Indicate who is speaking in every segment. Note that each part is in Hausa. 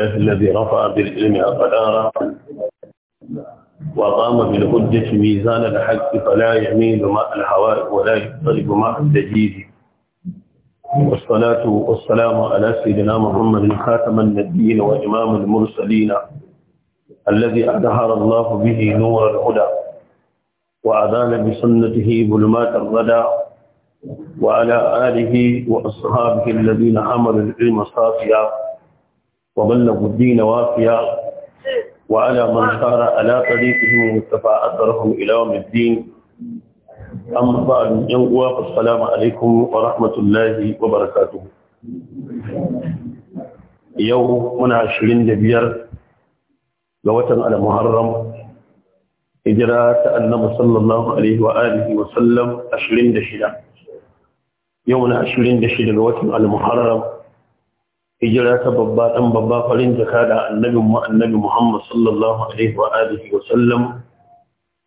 Speaker 1: الذي رفع بالعلم أقدارا وقام بالحجة ميزان الحق فلا يميل ماء الهواء ولا يضرب ماء الدجيج والصلاة والسلام على سيدنا محمد خاتم النبيين وإمام المرسلين الذي أدهر الله به نور الهدى وأذان بسنته ظلمات الردى وعلى آله وأصحابه الذين حملوا العلم صافيا وبلغوا الدين وافيا وعلى من سار على طريقهم واستفى أثرهم إلى يوم الدين أما بعد ينقوا السلام عليكم ورحمة الله وبركاته يوم من عشرين دبير لوطن على محرم hijira ta annabi sallallahu alaihi wa alihi wa sallam 26 yau na 26 ga watan al-muharram hijira ta babba ɗan babba farin jaka da annabin mu annabi Muhammad sallallahu alaihi wa alihi wa sallam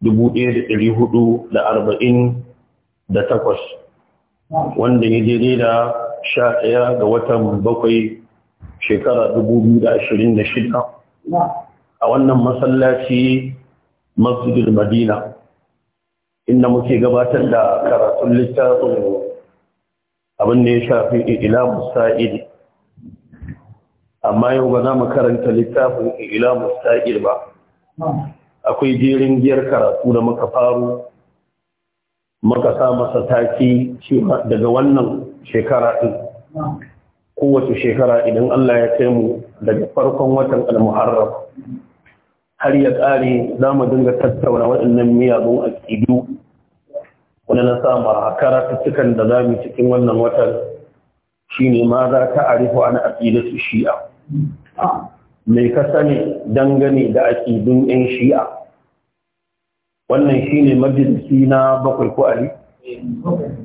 Speaker 1: 1448 wanda ya daidai da ɗaya ga watan bakwai shekara 2026 a wannan masallaci masjidil madina inda muke gabatar da karatun littafin abin da ya shafi ila musa'idi amma yau ba za mu karanta littafin ila musta'ir ba akwai jerin giyar karatu da muka faru muka sa masa taki daga wannan shekara din kowace shekara idan Allah ya kai mu daga farkon watan al-muharram har ya kare za mu dinga tattauna waɗannan miyagun aƙidu wani na samu a karatuttukan da za mu cikin wannan watan shine maza ma za ta arifu an aƙidatu shi'a mai ka sani dangane da aƙidun 'yan shi'a wannan shi ne majalisi na bakwai ko ali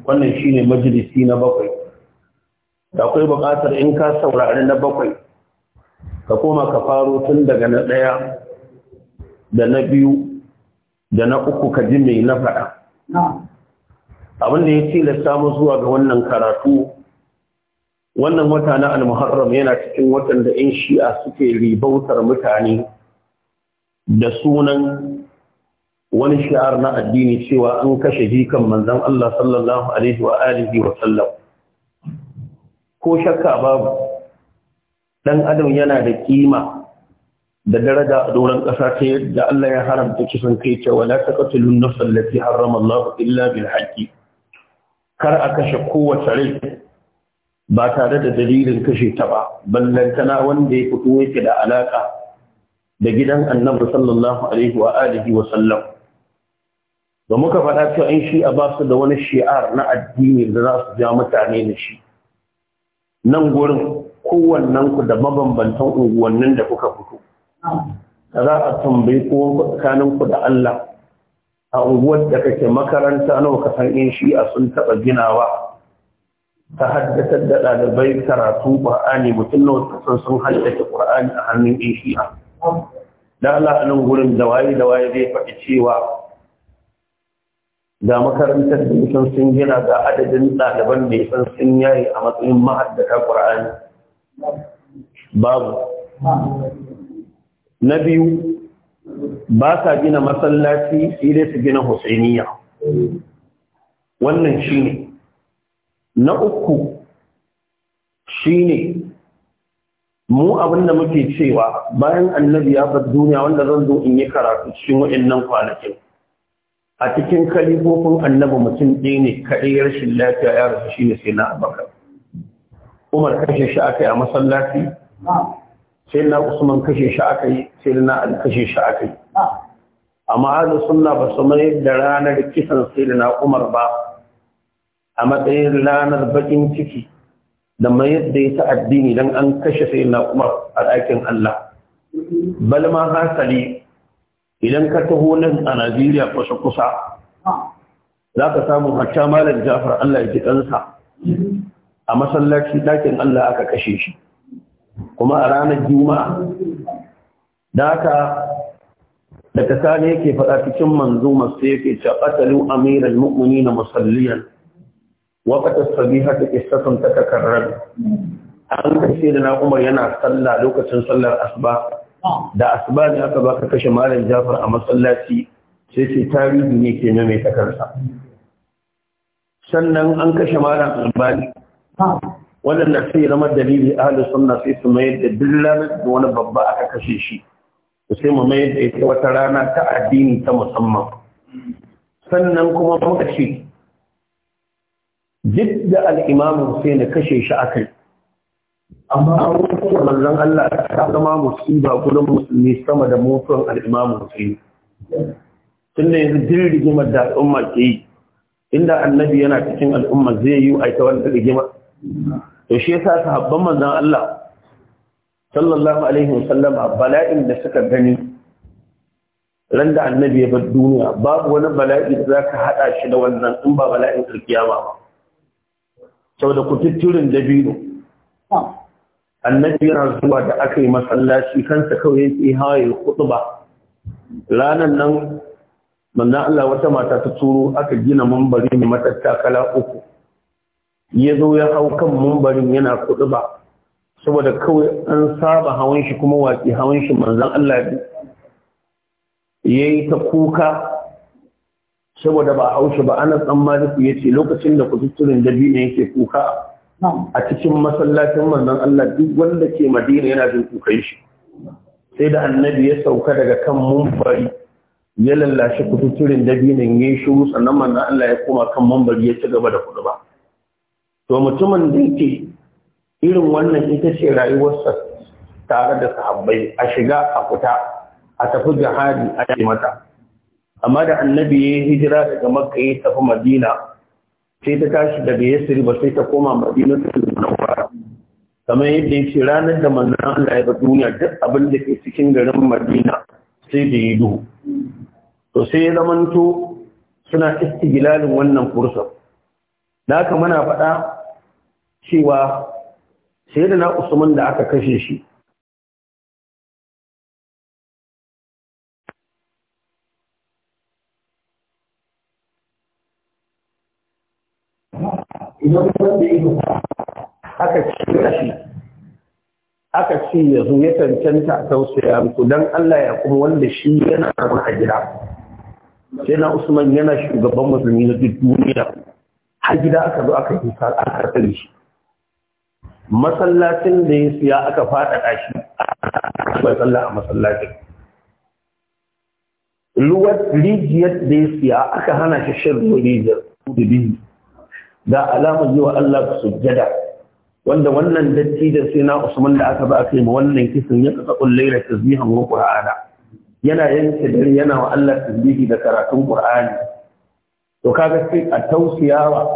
Speaker 1: wannan shi ne majalisi na bakwai da akwai buƙatar in ka saurari na bakwai ka koma ka faro tun daga na ɗaya da na biyu da na uku ka ji mai na faɗa abin da ya tilasta mu zuwa ga wannan karatu wannan wata na al-muharram yana cikin watan da in shi'a suke ribautar mutane da sunan wani shi'ar na addini cewa an kashe jikan manzon Allah sallallahu alaihi wa alihi wa sallam ko shakka babu dan adam yana da kima da daraja a doron ƙasa ta yadda Allah ya haramta kisan kai cewa la taqtulun na allati harrama Allah illa bil haqqi kar a kashe kowace rai ba tare da dalilin kashe ta ba ballantana wanda ya fito yake da alaka da gidan annabi sallallahu alaihi wa alihi wa sallam da muka faɗa cewa in shi a basu da wani shi'ar na addini da za su ja mutane da shi nan gurin kowannen ku da mabambantan unguwannin da kuka fito za a tambayi ko tsakanin ku da Allah a unguwar da kake makaranta nawa ka san in shi a sun taɓa ginawa ta haddatar da ɗalibai karatu ƙur'ani mutum na wasu sun haddace ƙur'ani a hannun ishiya. da Allah a gurin da waye da waye zai faɗi cewa da makarantar da san sun gina ga adadin ɗaliban da san sun yayi a matsayin mahaddata ƙur'ani babu na biyu ba sa gina masallaci sai dai su gina husainiya wannan shi ne na uku shine mu abin da muke cewa bayan annabi ya bar duniya wanda zan zo in yi karatu cikin waɗannan kwanakin a cikin kalifofin annabi mutum ɗaya ne kaɗai rashin lafiya ya rasu shi ne sai na abaka umar kashe shi aka yi a masallaci sai na usman kashe shi aka yi sai na ali kashe shi aka yi amma ahlu sunna ba su mai da ranar kisan sai na umar ba a matsayin ranar bakin ciki da mayar da ya addini don an kashe sai na umar a ɗakin Allah. Balma hasali idan ka taho nan a Najeriya kusa-kusa za ka samu hatta malar Jafar Allah ya ji ɗansa a masallaci ɗakin Allah aka kashe shi. Kuma a ranar Juma'a, da haka da sani yake faɗa cikin manzo masu yake ce ƙasalu amiral mu'mini na musalliyan وقت الصبيحة ta takarar, an kashe da na umar yana sallah lokacin sallar asuba da asuba ne aka baka kashe malam jafar a masallaci sai ce tarihi ne ke nome ta kansa sannan an kashe malam albani waɗanda sai zama dalili ahalin sunna sai su mayar da duk da wani babba aka kashe shi sai mu mayar da ita wata rana ta addini ta musamman sannan kuma muka ce duk da al'imamu sai na kashe shi a kai amma an rufe manzon Allah ta zama musulma gudun musulmi sama da mutuwan al'imamu sai tun da yanzu duk rigimar da al'umma ke yi inda annabi yana cikin al'umma zai yi a ita wani rigima to shi yasa sahabban manzon Allah sallallahu alaihi wasallama bala'in da suka gani ran da annabi ya bar duniya babu wani bala'i da ka haɗa shi da wannan in ba bala'in alkiyama ba sau da kututturin dabino annabi yana zuwa da aka yi masallaci kansa kawai yake hawaye kudu ranar nan manzan Allah wata mata ta turo aka gina mambari mai matatta kala uku ya zo ya hau kan mambarin yana kudu ba saboda kawai an saba hawan shi kuma waki hawan shi manzan Allah ya yi ta kuka saboda ba haushe ba ana tsammaniku ya ce lokacin da kututturin dabino yake kuka a cikin masallacin manzon Allah duk wanda ke madina yana jin kukan shi sai da annabi ya sauka daga kan mumfari ya lallashi kututturin dabinin ya shiru sannan manzon Allah ya koma kan mambari ya ci gaba da kudu ba to mutumin da yake irin wannan ita ce rayuwarsa tare da sahabbai a shiga a fita a tafi jihadi a yi mata amma da annabi ya hijira daga makka ya tafi madina sai ta tashi daga yasiri ba sai ta koma madina ta fara. kamar yadda ya ce ranar da manzan Allah ya duniya duk abin da ke cikin garin madina sai da yi duhu to sai ya zamanto suna istigilalin wannan fursa da haka muna faɗa cewa sai da na usman da aka kashe shi da ido aka ce aka ce ya zo ya cancanta a tausaya muku don Allah ya kuma wanda shi yana zama a gida sai na Usman yana shugaban musulmi na duk duniya har gida aka zo aka yi aka tsare shi masallacin da ya siya aka faɗaɗa shi bai tsalla a masallacin ruwan rijiyar da ya siya aka hana shi shan rijiyar da biyu Da alamar yi wa Allah sujjada wanda wannan datti da sai na Usman da aka ba aka yi ma wannan kisan ya kasa kullai da tasbihan wa Qur'ana yana yanke dare yana wa Allah tasbihi da karatun Qur'ani to kaga sai a tausiyawa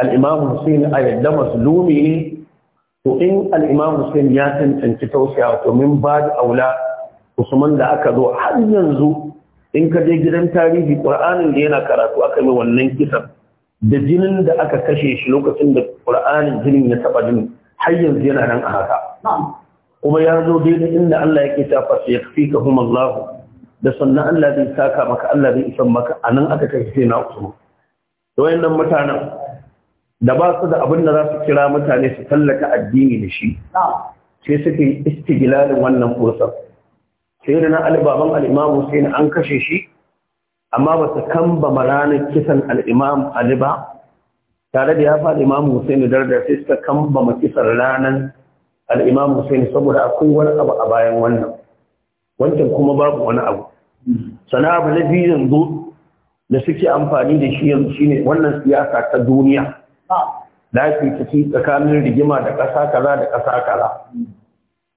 Speaker 1: al-Imam Hussein a yadda maslumi ne to in al-Imam Hussein ya tantance tausiyawa to min ba da aula Usman da aka zo har yanzu in ka je gidan tarihi Qur'anin da yana karatu aka yi wannan kisan da jinin da aka kashe shi lokacin da ƙur'anin jinin ya taɓa jini har yanzu yana nan a haka kuma ya zo daidai inda Allah yake ta fasa ya fi ka hum Allah da sannan Allah zai saka maka Allah zai isan maka a nan aka kashe sai na usman da wayannan mutanen da ba su da abin da za su kira mutane su tallata addini da shi sai suke istigilalin wannan fursar sai da na alibaban al'imamu sai na an kashe shi amma ba su ba ranar kisan al'imam Ali ba, tare da ya faɗi imam Hussein dardar sai suka ma kisan ranar al'imam Hussein saboda akwai wani abu a bayan wannan, wancan kuma babu wani abu. Sana abu na biyu yanzu da suke amfani da shi yanzu shine wannan siyasa ta duniya. Da ake fi tsakanin rigima da ƙasa kaza da ƙasa kaza.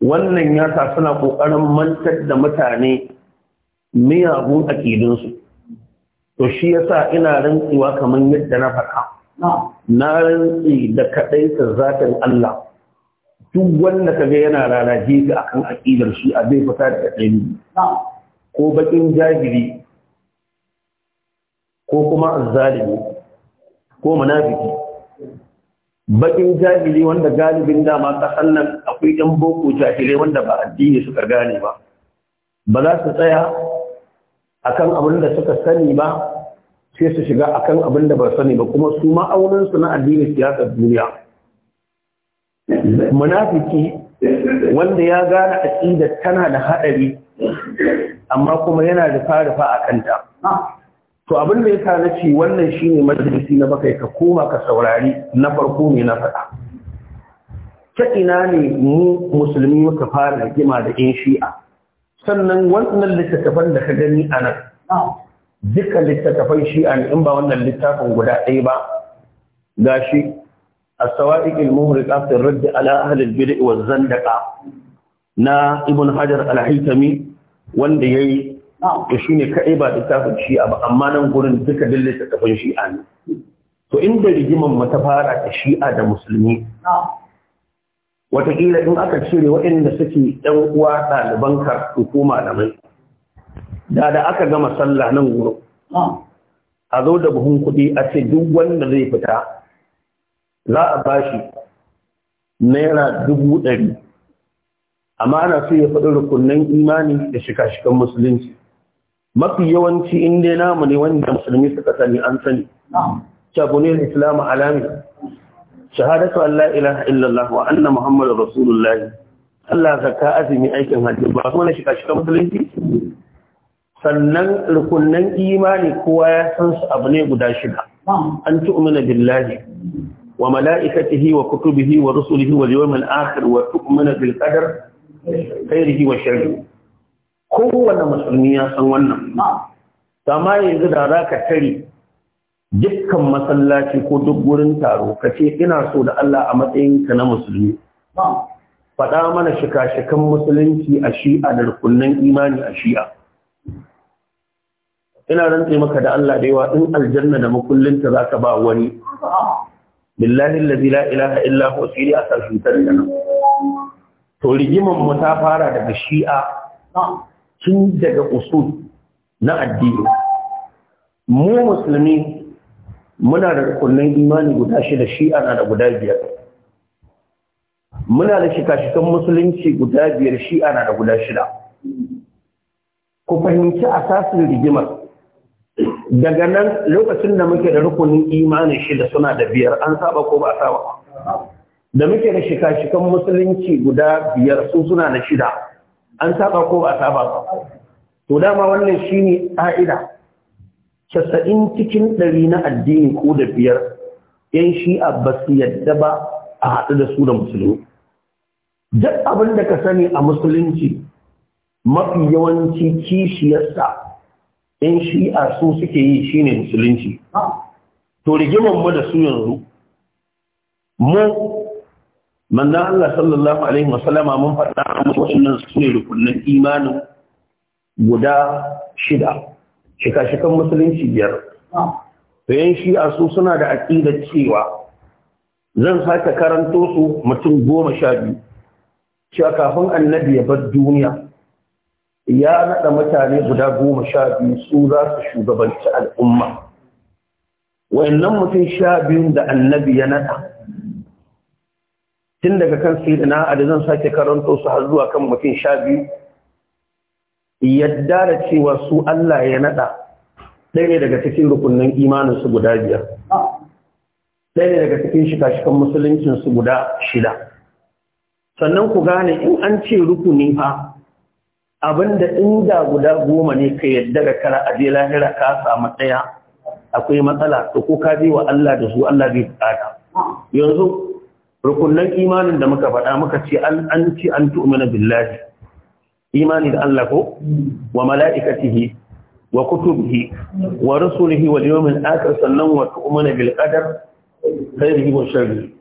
Speaker 1: Wannan yasa suna ƙoƙarin mantar da mutane miyagun aƙidinsu. to shi yasa ina rantsuwa kamar yadda na faɗa na rantsi da kaɗai ta zatin Allah duk wanda ka yana raraje ga akan aƙidar shi a zai fita da ɗari ko bakin jahili ko kuma azzalimi ko munafiki bakin jahili wanda galibin dama kasan nan akwai yan boko jahilai wanda ba addini suka gane ba ba za su tsaya akan abin da suka sani ba sai su shiga akan abin da ba sani ba kuma su ma'aunin su na addinin siyasar duniya munafiki wanda ya gane aqida tana da hadari amma kuma yana da farafa a kanta to abin da yasa na ce wannan shine majalisi na bakai ka koma ka saurari na farko ne na faɗa ta ina ne mu musulmi muka fara rigima da yan shi'a sannan wannan littattafan da ka gani a nan duka littattafan shi a in ba wannan littafin guda ɗaya ba ga shi a sawa'iq al-muhriqa fi radd ala ahli al wa zandaqa na ibn hajar al-haytami wanda yayi to shine ba littafin shi ba amma nan gurin duka dille littattafan shi a ne to inda rigimar mu ta fara ta shi'a da musulmi wataƙila in aka cire waɗanda suke ɗan uwa ɗaliban hukuma ko malamai da da aka gama sallah nan gudu. a zo da buhun kuɗi a ce duk wanda zai fita za a bashi naira dubu ɗari amma ana so ya faɗi rukunin imani da shika-shikan musulunci mafi yawanci in dai namu ne wanda musulmi suka sani an sani shagunin islamu alami shahadatu an la ilaha illallah wa anna muhammadar rasulullah Allah ka ka azumi aikin hajji ba kuma na shiga shiga musulunci sannan rukunnan imani kowa ya san su abu ne guda shida an tu'mina billahi wa mala'ikatihi wa kutubihi wa rusulihi wal yawmil akhir wa tu'mina bil qadar khairihi wa sharrihi kowanne musulmi ya san wannan amma yanzu da ka tare dukkan masallaci ko duk gurin taro ka ce ina so da Allah a matsayinka na musulmi faɗa mana shika-shikan musulunci a shi'a da rukunnan imani a shi'a ina rantse maka da Allah da yawa in aljanna da makullinta za ka ba wani billahi allazi la ilaha illa huwa siri a sarfin nan to rigiman mu ta fara daga shi'a tun daga usul na addini mu musulmi muna da rukunin imani guda shida shi'a na da guda biyar muna da shika-shikan musulunci guda biyar shi'a na da guda shida ku fahimci asasin rigimar daga nan lokacin da muke da rukunin imani shida suna da biyar an saba ko ba saba da muke da shika-shikan musulunci guda biyar su suna da shida an saba ko ba saba ba to dama wannan shine ƙa'ida casa'in cikin ɗari na addini ko da biyar yan shi'a ba su yadda ba a haɗu da su da musulmi duk abin da ka sani a musulunci mafi yawanci kishiyarsa yan shi'a su suke yi shi ne musulunci to rigiman mu da su yanzu mu manzan Allah sallallahu alaihi wasallama mun faɗa a musulunci su ne rukunin imanin guda shida shika-shikan musulunci biyar to yan shi'a su suna da aƙidar cewa zan sake karanto su mutum goma sha biyu cewa kafin annabi ya bar duniya ya naɗa mutane guda goma sha biyu su za su shugabanci al'umma wayannan mutum sha biyun da annabi ya naɗa tun daga kan sirina a da zan sake karanto su har zuwa kan mutum sha biyu yadda da cewa su Allah ya naɗa ɗaya ne daga cikin rukunin imaninsu guda biyar ɗaya ne daga cikin shika-shikan su guda shida sannan ku gane in an ce rukuni fa abinda inda guda goma ne ka yadda da kara a je lahira ka samu ɗaya akwai matsala to ko ka wa Allah da su Allah zai bukata yanzu rukunnan imanin da muka faɗa muka ce an ci an tu'mina billahi imani da Allah ko wa mala'ikatihi wa kutubihi wa rusulihi wal yawmil akhir sannan wa tu'minu bil qadar khairihi wa sharrihi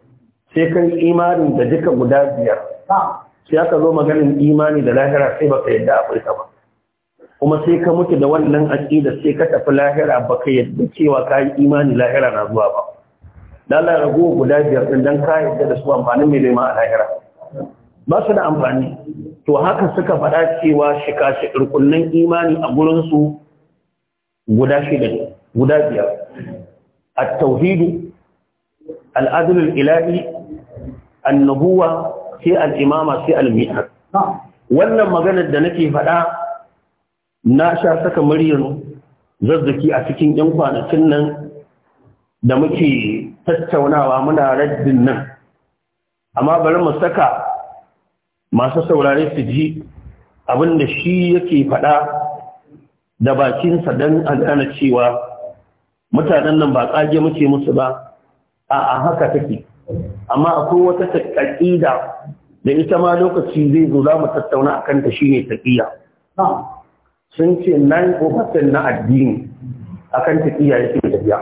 Speaker 1: sai kan imanin da duka guda biyar sai aka zo maganin imani da lahira sai baka yadda akwai ba kuma sai ka mutu da wannan aqida sai ka tafi lahira baka yadda cewa ka yi imani lahira na zuwa ba lalla rago guda biyar din dan ka da su amfanin mai lema a lahira ba su da amfani to haka suka faɗa cewa shika shi rukunnan imani a gurinsu guda shida ne guda biyar at-tauhidu al-adl al-ilahi an-nubuwa sai al-imama sai al-mi'ad wannan maganar da nake faɗa na sha saka muryar zazzaki a cikin yan kwanakin nan da muke tattaunawa muna raddin nan amma bari mu saka masu saurare su ji abin da shi yake faɗa da bakinsa don al'ana cewa mutanen nan ba tsage muke musu ba a haka take amma akwai wata taƙaƙida da ita ma lokaci zai zo za mu tattauna a kanta shi ne taƙiya sun ce 9% na addini akan taƙiya yake tafiya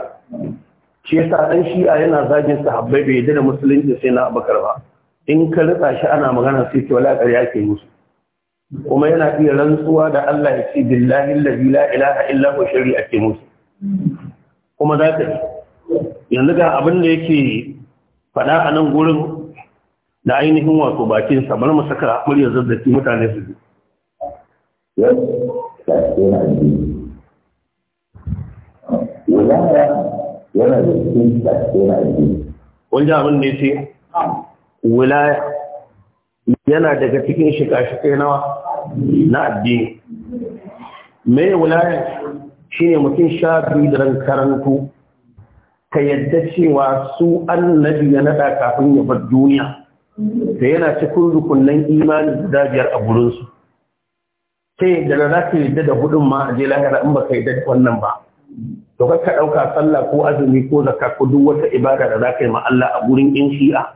Speaker 1: shi yasa ɗan shi'a yana zagin sahabbai bai da musulunci sai na abakar ba in ka ritsa shi ana magana sai ke wala ƙarya ke musu kuma yana iya rantsuwa da Allah ya ce billahi allazi la ilaha illa huwa shari'a ke musu kuma za ka yanzu ga abin da yake faɗa a nan gurin da ainihin wato bakin sa bar mu saka muryar zazzaki mutane su ji Wani abin da ya ce, ah. wilaya yana daga cikin shiga shiga nawa na addini mai wilaya ne mutum sha biyu da karantu ka yadda cewa su annabi ya nada kafin ya bar duniya da yana cikin rukunan imanin guda a gurinsu sai da na zaka ka yadda da hudun ma a je lahira in ba ka yadda wannan ba to ka ɗauka sallah ko azumi ko zakka ko duk wata ibada da za ka yi ma Allah a gurin in shi'a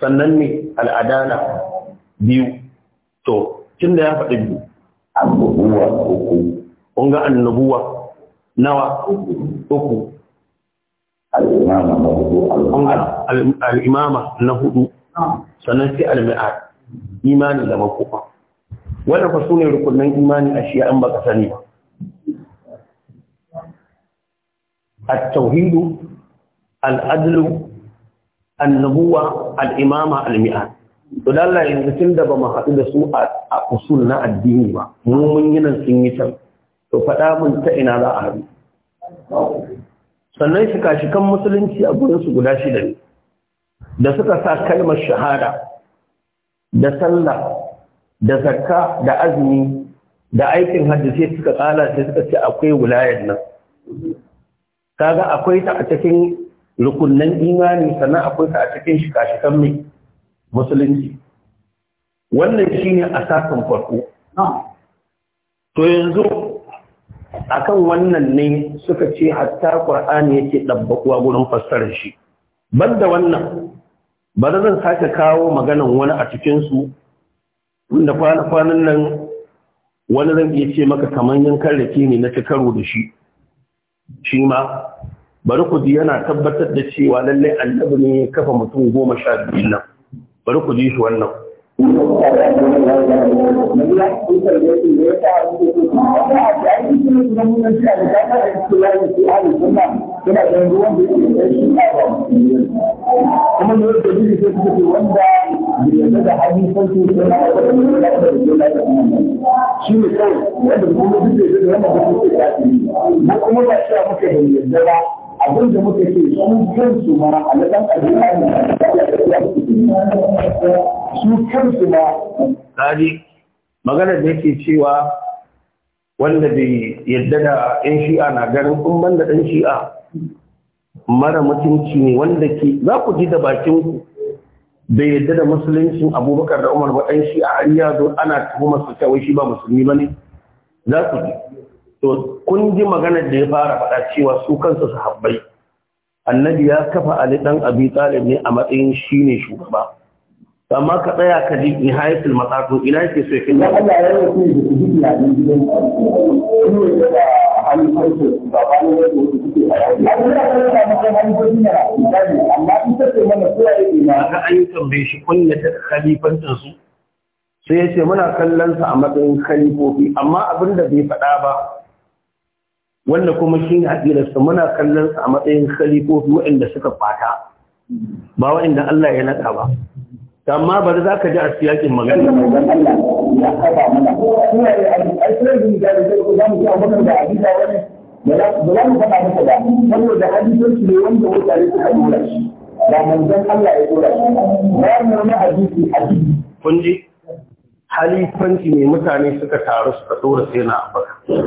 Speaker 1: sannan ne al'adala biyu to tun da ya faɗi biyu annabuwa uku ƙunga ga annabuwa nawa uku al'imama na hudu sannan sai al’imama imani da makuwa wadda fa su ne rukunan imani a shi an baka sani ba التوحيد العدل annabuwa al'imama al’imiya. to Allah yanzu tun da ba mu haɗu da su a usul na addini ba mu mun yi nan sun yi can to faɗa mun ta ina za a haɗu sannan shika-shikan musulunci a su guda shida ne da suka sa kalmar shahada da sallah da zakka da azumi da aikin hajji sai suka kala sai suka ce akwai wilayar nan kaga akwai ta a cikin rukunnan imani sannan akwai ka a cikin shi kashi kan mai musulunci wannan a asasin farko to yanzu akan wannan ne suka ce hatta ƙwar'ani yake ɗabbaƙuwa wurin fassarar shi Ban da wannan ba zan sake kawo maganan wani a cikinsu inda kwanan nan wani zan iya ce maka kamar yankan rake ne na ci karo da shi shi ma bari ku ji yana tabbatar da cewa lalle annabi ne kafa mutum goma sha biyu nan bari ku ji shi wannan shi ne kawai wanda
Speaker 2: kuma duk da zai zama da kuma ba shi a muka yadda ba abin muka ce sun kansu ma a lakan
Speaker 1: su kansu ma maganar da yake cewa wanda bai yadda da yan shi'a na ganin kun da dan shi'a mara mutunci ne wanda ke za ku ji da bakin ku bai yadda da musuluncin abubakar da umar ba ɗan shi'a an yazo ana tuhumar su cewa shi ba musulmi ba ne za ku ji to kun ji maganar da ya fara faɗa cewa su kansu su habbai annabi ya kafa ali dan abi talib ne a matsayin shine shugaba amma ka tsaya ka ji nihayatul matsatun ina yake so yake da Allah
Speaker 2: ya yi shi da jiki gidan ne da ba ba ne da jiki amma
Speaker 1: ce mana an shi su sai ya ce muna kallon sa a matsayin kalifofi amma abin da bai faɗa ba wannan kuma shi ne aƙirarsa muna kallon sa a matsayin khalifofi waɗanda suka fata ba waɗanda Allah ya naɗa ba amma ba za ka ji a siyakin magana ba mu saboda
Speaker 2: ne wanda mutane suka dora shi
Speaker 1: Allah ya shi kun halifanci ne mutane suka taru suka dora sai na abaka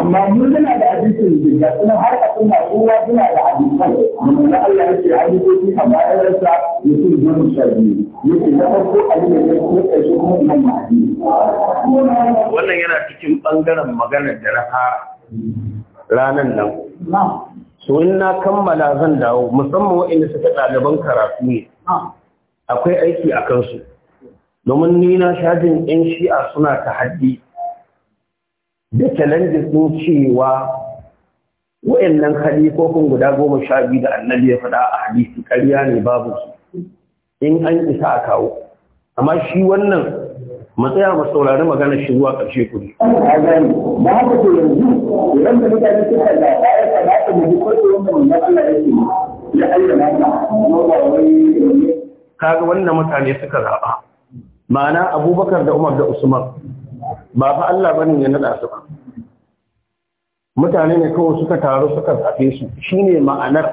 Speaker 2: amma mu suna da hadisin da kuma har a suna kowa suna da hadisan da Allah yake hadisi a bayan sa mutum goma sha biyu yake na farko a yi da kuma ƙarshe kuma imam
Speaker 1: mahdi wannan yana cikin ɓangaren maganar da raha ranar nan so in na kammala zan dawo musamman waɗanda suka ɗaliban karatu ne akwai aiki a kansu domin ni na shajin 'yan shi'a suna ta haddi da challenges din cewa wayannan khalifofin guda goma sha biyu da annabi ya faɗa a hadisi ƙarya ne babu su in an isa a kawo amma shi wannan matsaya mu saurari magana shi zuwa ƙarshe ku ne. Ba
Speaker 2: haka ko yanzu idan da mutane suka da ba ya kamata mu ji kwato wannan Allah yake ya
Speaker 1: ayyana ka kuma ba Ka ga wannan mutane suka zaɓa ma'ana Abubakar da Umar da Usman ba fa Allah bane ya nada su ba mutane ne kawai suka taru suka zabe su shine ma'anar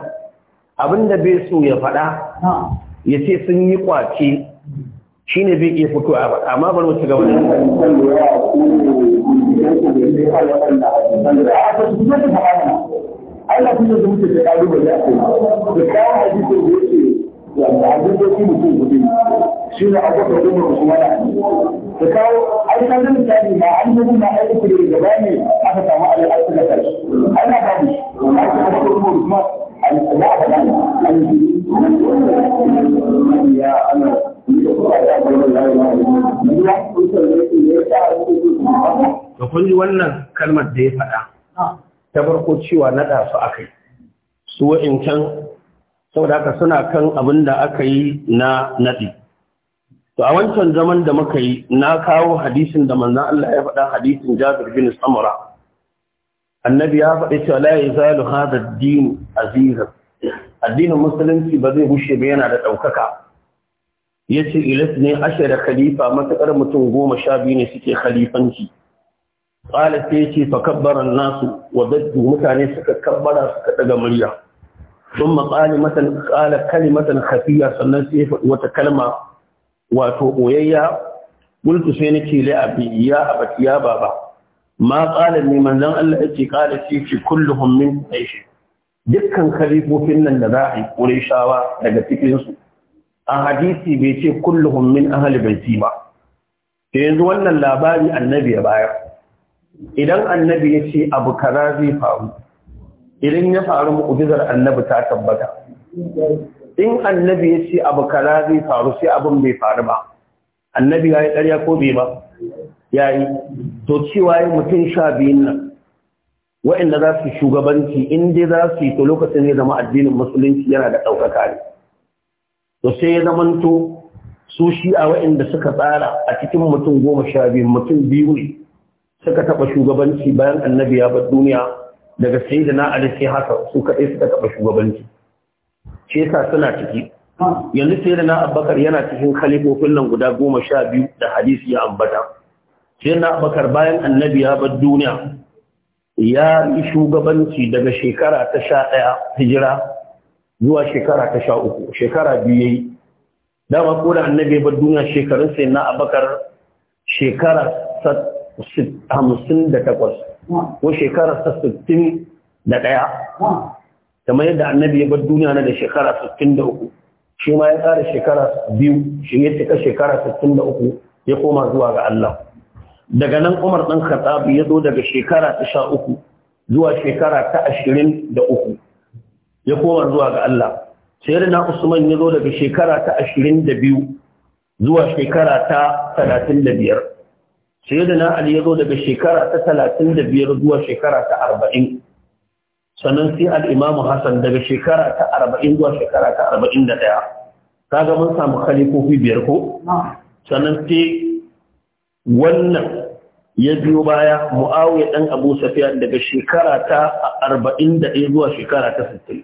Speaker 1: abinda bai so ya faɗa ya ce sun yi kwace shine bai iya fito a faɗa amma bari wata gaba da Allah
Speaker 2: kuma da muke da ƙalubale a kai. Da kawo hadisi da yake wanda abin da shi mutum gudu shi ne abu da kawo zan ma an na da ba ne aka samu kai ana ba mu ka an kuma ba da an ya ana
Speaker 1: da kun wannan kalmar da ya faɗa ta farko cewa naɗa su akai su can saboda haka suna kan abin da aka yi na naɗi to a wancan zaman da muka yi na kawo hadisin da manzan Allah ya faɗa hadisin Jabir bin Samura annabi ya faɗi cewa la yazalu hadha ad-din azizan addinin musulunci ba zai bushe ba yana da ɗaukaka yace ilis ne da khalifa matakar mutum goma sha biyu ne suke khalifanci qala sai yace fa kabbara nasu wa mutane suka kabbara suka ɗaga murya ثم قال مثلا قال كلمة hafiya sannan sai faɗi wata kalma wato oyayya gultu sai nake li abi ya ba ya baba ma qala ni manzon Allah yace qala shi ki kulluhum min quraish dukkan kalifofin nan da za a za'i shawa daga cikinsu. a hadisi bai ce kulluhum min ahli baiti ba sai yanzu wannan labari annabi ya bayar idan annabi ya ce abu kaza zai faru idan ya faru mu'jizar annabi ta tabbata in annabi ya ce abu kaza zai faru sai abin bai faru ba annabi ya yi ƙarya ko bai ba ya yi to cewa yi mutum sha biyun nan wa'inda za su shugabanci in dai za su yi to lokacin ya zama addinin musulunci yana da ɗaukaka ne to sai ya zamanto su shi a wa'inda suka tsara a cikin mutum goma sha biyu mutum biyu ne suka taɓa shugabanci bayan annabi ya bar duniya daga sai da na sai haka su kaɗai suka taɓa shugabanci shi yasa suna ciki yanzu sai da na yana cikin kalifofin nan guda goma sha biyu da hadisi ya ambata sai na bayan annabi ya bar duniya ya yi shugabanci daga shekara ta sha ɗaya hijira zuwa shekara ta sha uku shekara biyu ya yi dama ko da annabi bar duniya shekarun sai na abakar shekara hamsin da takwas ko shekara ta sittin da ɗaya kamar yadda annabi ya bar duniya na da shekara sittin da uku shi ma ya tsara shekara biyu shi ya cika shekara sittin da uku ya koma zuwa ga Allah daga nan Umar ɗan Khattab ya zo daga shekara ta sha uku zuwa shekara ta ashirin da uku ya koma zuwa ga Allah sai na Usman ya zo daga shekara ta ashirin da biyu zuwa shekara ta talatin da biyar sayyidina ali ya zo daga shekara ta talatin da biyar zuwa shekara ta arba'in sannan sai al'imamu hassan daga shekara ta arba'in zuwa shekara ta arba'in da ɗaya ta ga mun samu khalifofi biyar ko sannan sai wannan ya biyo baya mu'awiyar ɗan abu safiya daga shekara ta arba'in da ɗaya zuwa shekara ta sittin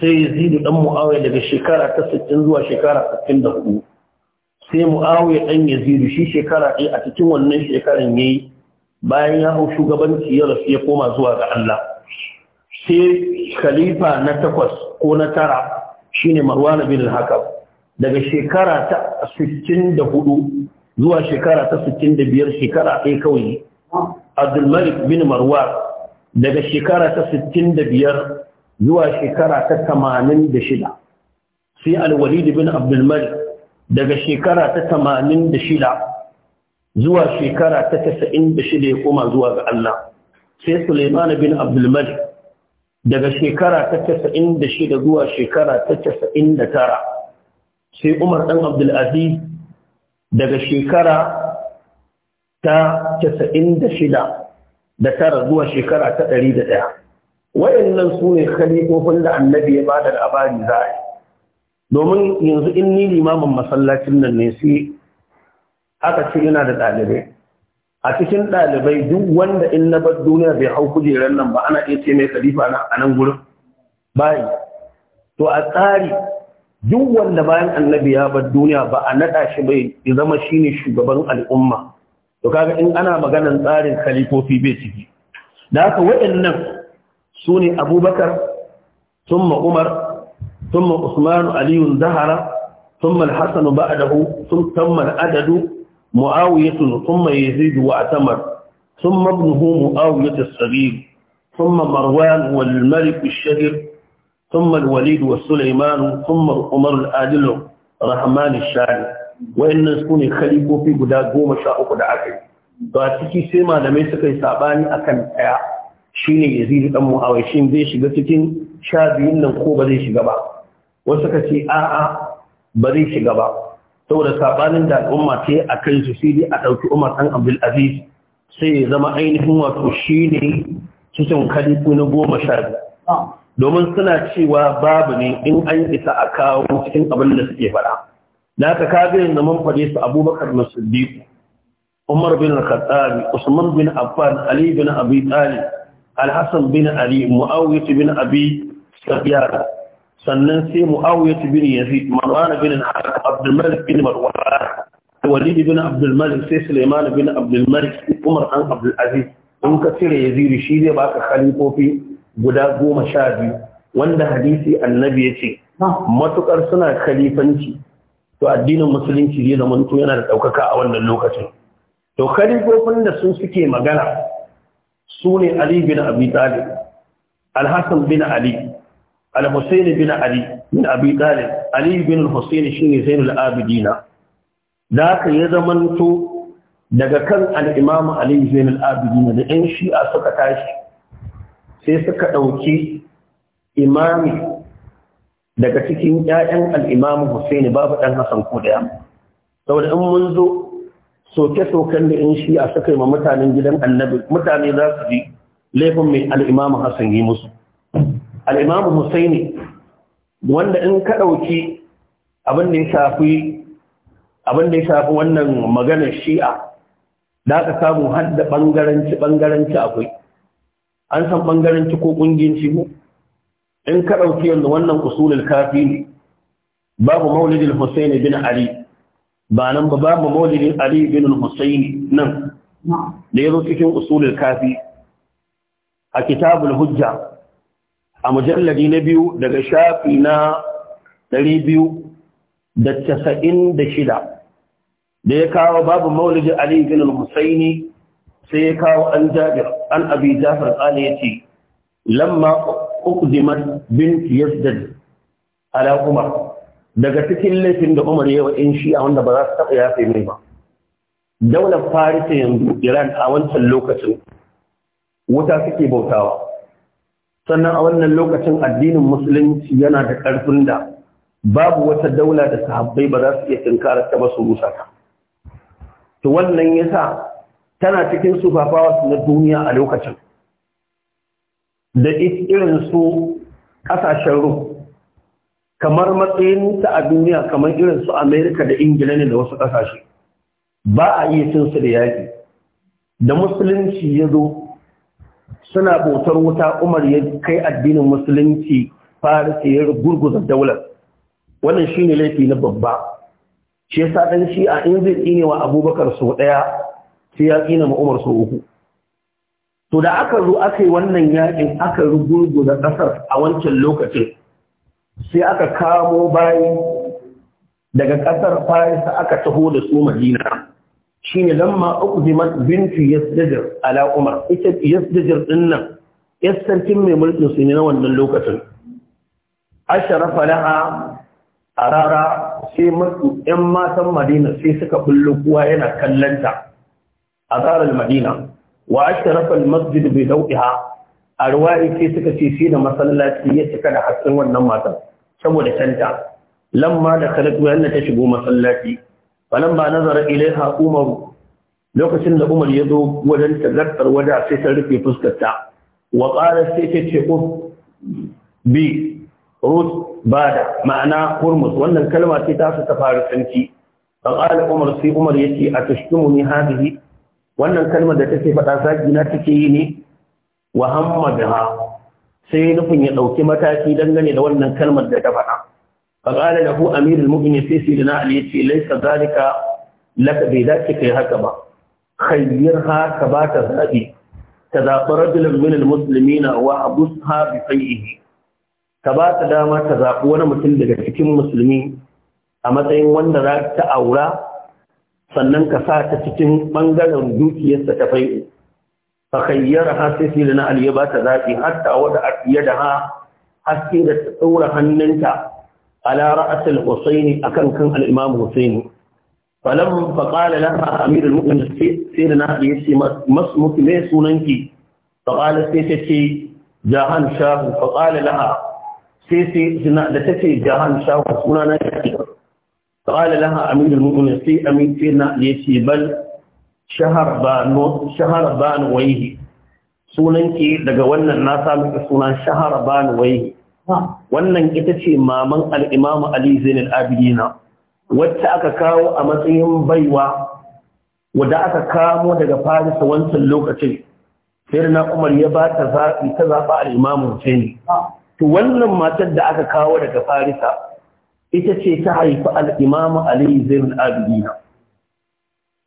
Speaker 1: sai yazidu ɗan mu'awiyar daga shekara ta sittin zuwa shekara sittin da hudu sai mu'awiya ɗan yazidu shi shekara ɗaya a cikin wannan shekaran ya yi bayan ya hau shugabanci ya rasu ya koma zuwa ga Allah sai khalifa na takwas ko na tara shine marwan bin al-hakam daga shekara ta 64 zuwa shekara ta 65 shekara ɗaya kawai abdul malik bin marwan daga shekara ta 65 zuwa shekara ta 86 sai al-walid bin abdul malik daga shekara ta tamanin da shida zuwa shekara ta tasa'in da shida ya koma zuwa ga Allah sai Suleiman bin Abdulmalik daga shekara ta tasa'in da shida zuwa shekara ta tasa'in da tara sai Umar ɗan Abdulaziz daga shekara ta tasa'in da shida da tara zuwa shekara ta ɗari da ɗaya wayannan su ne khalifofin da annabi ya bada labari za a yi domin yanzu in ni limamin masallacin nan ne sai aka ce yana da ɗalibai a cikin ɗalibai duk wanda in na bar duniya bai hau kujerar nan ba ana iya ce mai khalifa a nan gurin bayi to a tsari duk wanda bayan annabi ya bar duniya ba a naɗa shi bai ya zama shine shugaban al'umma to kaga in ana maganan tsarin khalifofi bai ciki da haka nan su ne abubakar summa umar ثم عثمان علي ظهر ثم الحسن بعده ثم تم العدد معاوية ثم يزيد واعتمر ثم ابنه معاوية الصغير ثم مروان والملك الشهير ثم الوليد والسليمان ثم عمر العادل رحمن الشاري وإن سكوني خليفو في قدا قوم شاء قدا عكي فأتكي سيما لمن سكي ساباني أكن أيا شيني يزيد أمو أو شين ذي شغتكين شابين لنقوب ذي شغبا wasu ka ce a'a ba zai shiga ba saboda sabanin da al'umma ce a kan su sai ne a ɗauki umar ɗan abdul aziz sai ya zama ainihin wato shi ne cikin kalifu na goma sha biyu domin suna cewa babu ne in an isa a kawo cikin abin da suke faɗa na ka kabirin da mun faɗe su abubakar musulmi umar bin al-khattab usman bin affan ali bin abi talib al-hasan bin ali muawiyah bin abi sufyan sannan sai mu'awiyah bin yazid marwan bin abdul malik bin marwan walid bin abdul sai Suleiman bin abdul malik umar an Abdulaziz, aziz in ka cire yazid shi zai baka khalifofi guda goma sha biyu wanda hadisi annabi ya ce matukar suna khalifanci to addinin musulunci zai zama to yana da ɗaukaka a wannan lokacin to khalifofin da sun suke magana su ne ali bin abi talib al-hasan bin ali al-Husayn bin Ali bin Abi Talib Ali bin al-Husayn shine Zainul Abidin da haka ya zamanto daga kan al-Imam Ali Zainul Abidin da ɗan Shi'a suka tashi sai suka ɗauki imami daga cikin ƴaƴan al-Imam Husayn babu ɗan Hassan ko daya saboda in mun zo soke-soken da in shi'a suka yi ma mutanen gidan annabi mutane za su ji laifin mai al'imamu hassan yi musu al'imamu husaini wanda in ka ɗauki abin da ya shafi abin da ya shafi wannan maganar shi'a da ka samu hadda ɓangaranci ɓangaranci akwai an san ɓangaranci ko ƙungiyar mu in ka ɗauki yanzu wannan usulul kafi ne babu maulidin husaini bin ali ba nan ba babu maulidin ali bin husaini nan da ya zo cikin usulul kafi a kitabul hujja a mujalladi na biyu daga shafi na ɗari biyu da casa'in da shida da ya kawo babu maulidi ali bin al-husaini sai ya kawo an jabir an abi jafar tsali ya ce lamma uqdimat bint yazdad ala umar daga cikin laifin da umar yawa in shi a wanda ba za su taɓa yafe mai ba daular farisa yanzu iran a wancan lokacin wuta suke bautawa sannan a wannan lokacin addinin musulunci yana da ƙarfin da babu wata daula da sahabbai ba za su iya tunkarar ta ba rusa ta to wannan yasa tana cikin sufafawa na duniya a lokacin da irin su ƙasashen rum kamar matsayin ta a duniya kamar irin su amerika da ingila ne da wasu ƙasashe ba a iya cin su da yaƙi da musulunci ya zo suna bautar wuta umar ya kai addinin musulunci farisa ya gurguza daular wannan shi ne laifi na babba shi ɗan shi a in zai tsine abubakar sau ɗaya sai ya tsine ma umar sau uku to da aka zo aka yi wannan yaƙin aka gurguza ƙasar a wancan lokacin sai aka kamo bayi daga ƙasar faris aka taho da su madina ne lamma uqdimat bintu yasdajir ala umar ita yasdajir din nan mai mulkin su ne na wannan lokacin asharafa laha arara sai mutu yan matan madina sai suka bullo kuwa yana kallanta a tsarar madina wa asharafa almasjid bi dawiha a ruwayi sai suka ce sai da masallaci ya cika da hasken wannan matan saboda canta lamma da kalatu da ta shigo masallaci Banan ba nazara ilaiha umaru lokacin da umar ya zo wajen tagartar wada sai ta rufe fuskarta wa qala sai ta ce uf bi rut bada ma'ana hurmus wannan kalma ce ta su ta farisanci فقال عمر سي عمر يتي ni هذه wannan kalmar da take faɗa zaki na take yi ne wa sai nufin ya ɗauki mataki dangane da wannan kalmar da ta faɗa فقال له أمير المؤمنين في سيدنا علي ليس ذلك لك بذاتك هكذا خيرها كبات ذاتي تذاق رجلا من المسلمين وأبصها بفيئه كبات داما تذاق وانا مثل لك مسلمين أما تين وانا راك تأورا sannan ka sa ta cikin ɓangaren dukiyarsa ta fai'u fa kayyara ha sai sai na aliyu ba ta zaɓi hatta wada a fiye da ha haske da ta ɗaura hannunta ala ra'asul husaini akan kan al-imam husaini falam faqala laha amirul mu'minin sai da na yace masmuk me sunanki faqala sai ta ce jahan shahu faqala laha sai sai da ta ce jahan shahu sunana faqala laha amirul mu'minin sai amin sai na yace bal shahar banu shahar banu waihi sunanki daga wannan na sami sunan shahar banu waihi wannan ita ce maman al'imamu Ali Zainal Abidina, wacce aka kawo a matsayin baiwa, wadda aka kamo daga Farisa wancan lokacin, sai na Umar ya ba ta zaɓi ta zaɓa al'imamu Hussaini. To wannan matar da aka kawo daga Farisa, ita ce ta haifi al'imamu Ali Zainal Abidina.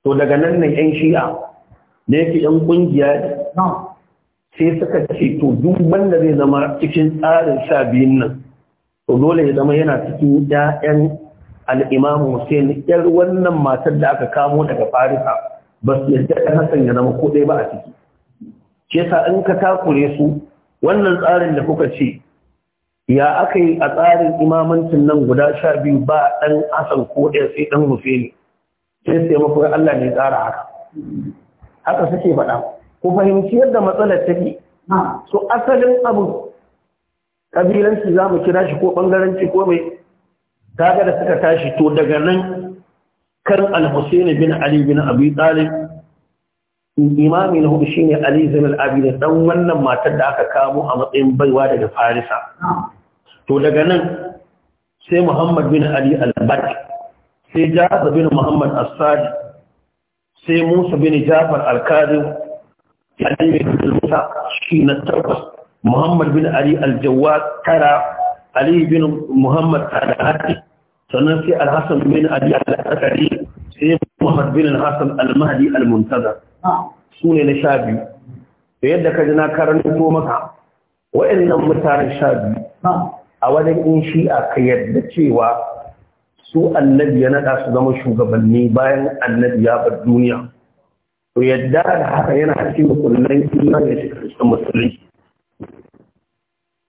Speaker 1: To daga nan nan ‘yan shi'a, da yake ‘yan ƙungiya sai suka ce to duk wanda zai zama cikin tsarin sha biyun nan to dole ya zama yana cikin ‘ya'yan al'imamu Hussein ‘yar wannan matar da aka kamo daga Farisa ba su yadda ɗan Hassan ya zama ko ɗaya ba a ciki. Ke sa in ka takure su wannan tsarin da kuka ce ya aka yi a tsarin imamancin nan guda sha biyu ba ɗan Hassan ko ɗaya sai ɗan Hussein sai sai mafi Allah ne tsara haka. Haka suke faɗa. ku fahimci yadda matsalar ta take so asalin abu kabilanci za mu kira shi ko bangaranci ko mai kaga da suka tashi to daga nan kan al-Husayn bin Ali bin Abi Talib imami na hudu shine Ali zain al da dan wannan matar da aka kamo a matsayin baiwa daga Farisa to daga nan sai Muhammad bin Ali al-Bakr sai Ja'far bin Muhammad as sadi sai Musa bin Ja'far al kadir yayin da ya rubuta shi na tabbas Muhammad bin Ali al-Jawad kara bin Muhammad al-Hadi sannan sai al bin Ali al-Hadi sai Muhammad bin al al-Mahdi al-Muntaza su ne na sha biyu da yadda ka ji na karanto maka wa'annan mutane sha biyu a wajen in shi'a ka yarda cewa su annabi ya naɗa su zama shugabanni bayan annabi ya duniya to yadda da haka yana cikin rukunin imani da cikin musulmi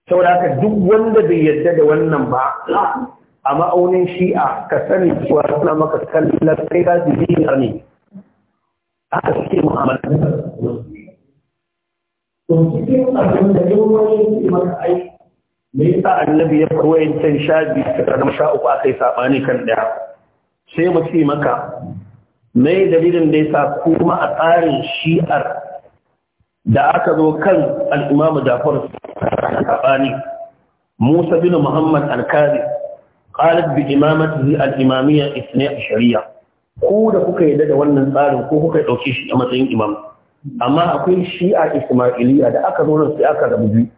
Speaker 1: saboda haka duk wanda bai yadda da wannan ba a ma'aunin shi'a ka sani cewa suna maka kallon kai za su yi ne aka suke mu'amala abin da yau wani ke maka aiki me yasa annabi ya farwayin can sha biyu ta karama sha uku aka yi saɓani kan ɗaya sai mu ce maka mai dalilin da ya sa kuma a tsarin shi'ar da aka zo kan al'imamu jafar sabani musa bin muhammad alkari qalat bi imamatihi al-imamiyya ithni ashariya ku da kuka yadda da wannan tsarin ko kuka dauke shi a matsayin imam amma akwai shi'a Isma'iliya da aka zo sai aka rabu biyu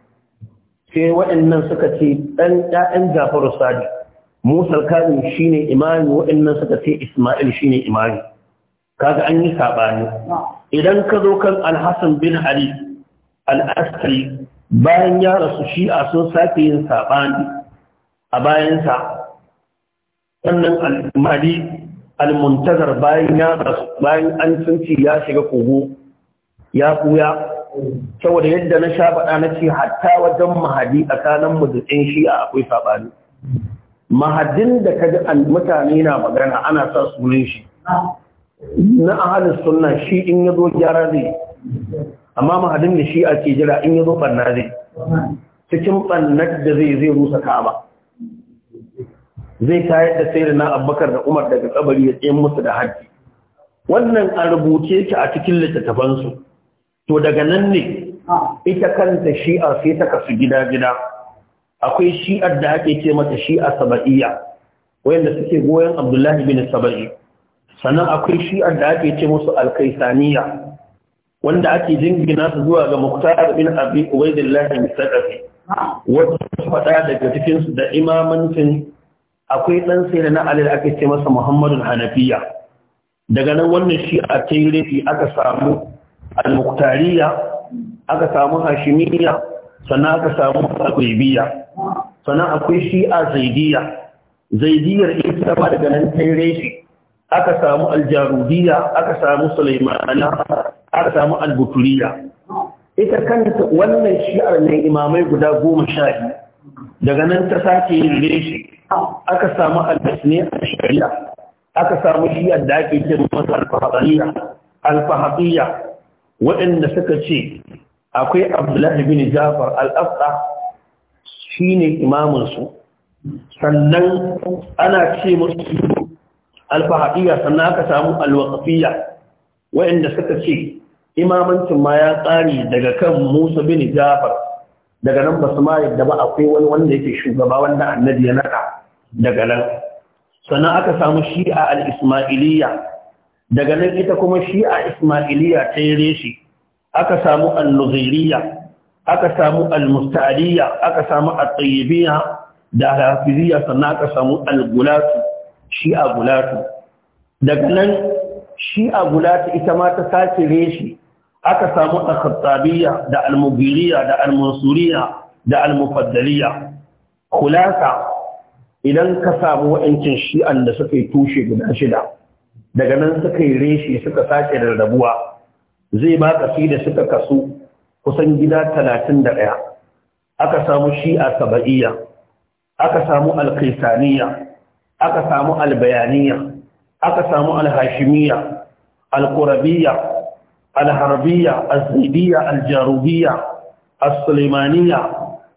Speaker 1: sai waɗannan suka ce dan ɗayan jafaru sadi musa alkari shine imami waɗannan suka ce ismail shine imami kaga an yi saɓani idan ka zo kan alhassan bin ali Al-Asri, bayan ya rasu shi'a sun sake yin saɓani a bayansa sannan al-mahdi al bayan ya rasu bayan an cinci ya shiga kogo ya kuya saboda yadda na sha faɗa na ce hatta wajen mahadi tsakanin mutuncin shi a akwai saɓani mahadin da ka ji mutane na magana ana sa sunan shi na ahalin sunna shi in ya zo gyara zai amma mahadin da shi ake jira in ya zo ɓanna zai cikin ɓannar da zai zai rusa ka'aba zai tayar da sai da na abbakar da umar daga kabari ya tsaye musu da hajji wannan an rubuce ki a cikin littattafansu to daga nan ne ita kanta shi'a sai ta kasu gida-gida akwai shi'ar da ake ce mata shi'a saba'iyya wayanda suke goyon abdullahi bin saba'i sannan akwai shi'ar da ake ce musu alkaisaniya wanda ake jingina su zuwa ga muktar bin abi da bin sadafi wata faɗa daga cikinsu da imamancin akwai dan sai da na da ake ce masa muhammadu hanafiya daga nan wannan shi ta yi rafi aka samu almuktariya aka samu hashimiya sannan aka samu al sannan akwai a zaidiya. zaidiyar ita ba daga nan ta yi rafi aka samu aljarudiya aka samu sulaimana aka samu albuturiya ita kanta wannan shi'ar ne imamai guda goma sha biyu daga nan ta sake yin reshi aka samu addasne a shari'a aka samu shi'ar da ake ce masa alfahariya alfahariya waɗanda suka ce akwai abdullahi bin jafar al'afta shi ne sannan ana ce musu alfahadiyya sannan aka samu alwaqafiyya wa'anda suka ce imamancin ma ya tsari daga kan Musa bin Jafar daga nan basu ma yadda ba akwai wani wanda yake shugaba wanda annabi ya naka daga nan sannan aka samu shi'a al-ismailiyya daga nan ita kuma shi'a ismailiyya ta yi reshe. aka samu al-nuzairiyya aka samu al-musta'aliyya aka samu at-tayyibiyya da al-hafiziyya sannan aka samu al-gulatu shi'a gulatu daga nan shi'a gulatu ita ma ta sake reshi aka samu al-khattabiyya da al-mughiriyya da al-mansuriyya da al-mufaddaliyya khulasa idan ka samu wa'ancin shi'an da suka yi tushe guda shida daga nan suka yi reshe suka sake rarrabuwa zai ba si da suka kasu kusan gida talatin da ɗaya aka samu shi'a saba'iyya aka samu alkaisaniya aka samu albayaniya aka samu alhashimiya alqurabiyya alharbiyya alzaidiyya aljarubiyya السليمانية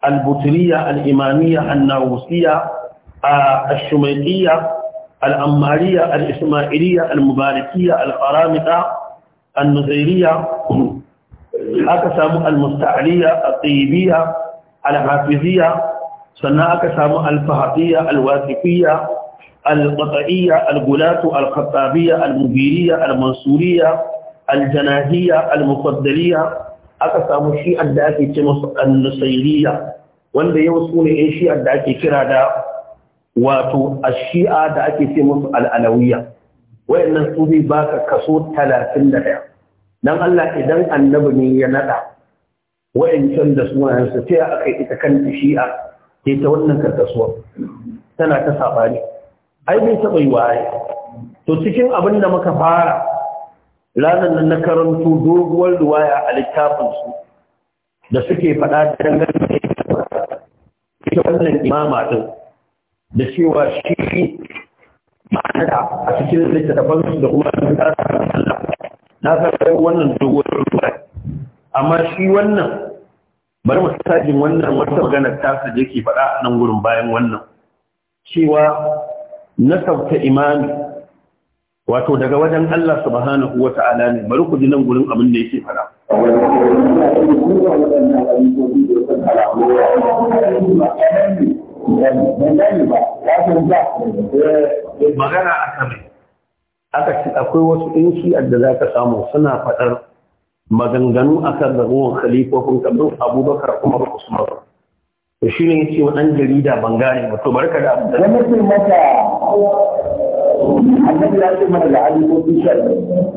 Speaker 1: البطرية الإمامية الناوسية الشميقية الأمارية الإسماعيلية المباركية القرامطة النزيرية أكسام المستعلية الطيبية الحافظية سنة أكسام الفهطية الواثقية القطعية الغلاة الخطابية المبيرية المنصورية الجناهية المفضلية أكثر من شيء الدعاكي النصيرية wanda yau su ‘yan shi'ar da ake kira da wato a shi'a da ake ce musu al'alawiya, wayannan su ne ba kaso talatin da ɗaya. Don Allah idan annabi ne ya naɗa wayancan da sunayensu ta yi aka ita kanta shi'a, ke ta wannan karkasuwa, tana ta saɓani. ai bai taɓa yi waye to cikin abin da muka fara ranar nan na karanto doguwar ruwaya a littafinsu da suke faɗa dangane da wannan imama ɗin da cewa shi da a cikin littattafansu da kuma na karɓar wannan doguwar ruwaya amma shi wannan bari mu sajin wannan wata maganar su da yake faɗa a nan gurin bayan wannan cewa Na nasabta imani. wato daga wajen Allah subhanahu wa ta'ala ne bari ku ji nan gurin abin da yake fara
Speaker 2: magana a kame
Speaker 1: aka ce akwai wasu ɗin da za ka samu suna faɗar maganganu a akan ragowar khalifofin kabin abubakar umar mara to shi ne yace wannan jarida ban gane ba barka da abu wani
Speaker 2: ce mata annabi ya ce mana la'ali ko bishar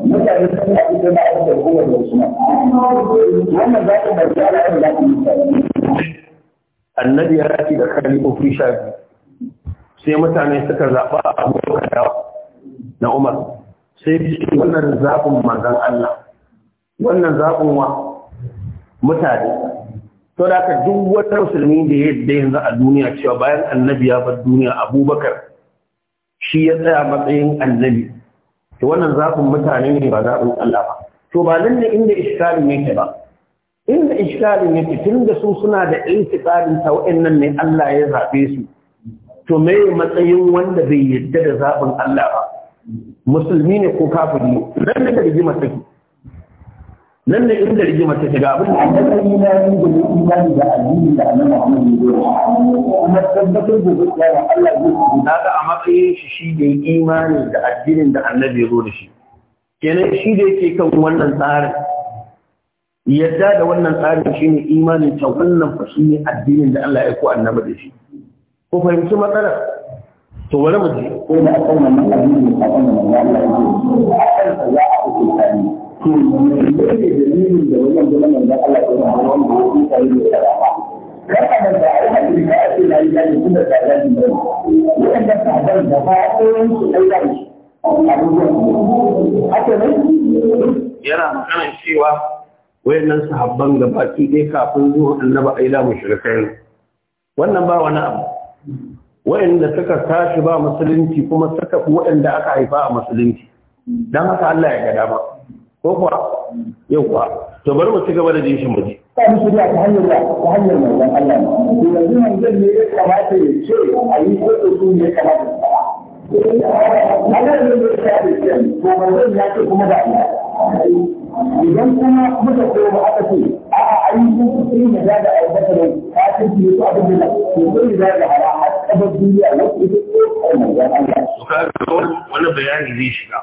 Speaker 1: mutane sun yi abin da na abin da kuma da su wannan za ta bar ala kan da kuma annabi ya ce da kali ko sai mutane suka zaba abu da na Umar sai wannan zaɓin manzon Allah wannan zaɓin wa mutane to da ka duk wata musulmi da ya yadda yanzu a duniya cewa bayan annabi ya bar duniya abubakar shi ya tsaya matsayin annabi to wannan zafin mutane ne ba zaɓin Allah ba to ba nan ne inda iskalin yake ba inda iskalin yake tun da su suna da intiqalin ta wa'annan ne Allah ya zaɓe su to me matsayin wanda bai yadda da zaɓin Allah ba musulmi ne ko kafiri nan da rigima take nan ne inda rigima ta shiga abin da aka yi na yi da imani da addini da annabi Muhammad ne amma tabbatar da gaskiya da Allah ya yi da a matsayin shi shi da imani da addinin da annabi ya zo da shi kenan shi da yake kan wannan tsarin yadda da wannan tsarin shine imanin ta wannan fa ne addinin da Allah ya ko annabi da shi ko fahimci matsalar to wani mu je ko da akan wannan addini da annabi ya ko akan ya
Speaker 2: abu tsari da ba a yi da wannan ba
Speaker 1: yana magana cewa wayannan sahabban gabaki ɗaya kafin zuwa annabi wannan ba wani abu wayanda suka tashi ba musulunci kuma suka waɗanda aka haifa a musulunci dan haka Allah ya ga ba. ko kuwa yauwa to bari mu ci gaba da jin shi mu ta mu shirya ta hanyar da ta hanyar Allah
Speaker 2: to yanzu ne ya kamata ya ce a yi ko da su ne kamata Allah ne ya ce ya ce kuma da Allah idan kuma muka koma aka ce a a ayi ko su ne da da albasar ta ce ki yi abin da ke so da da kabar duniya ne ko ko manzon Allah
Speaker 1: to kaga bayani zai shiga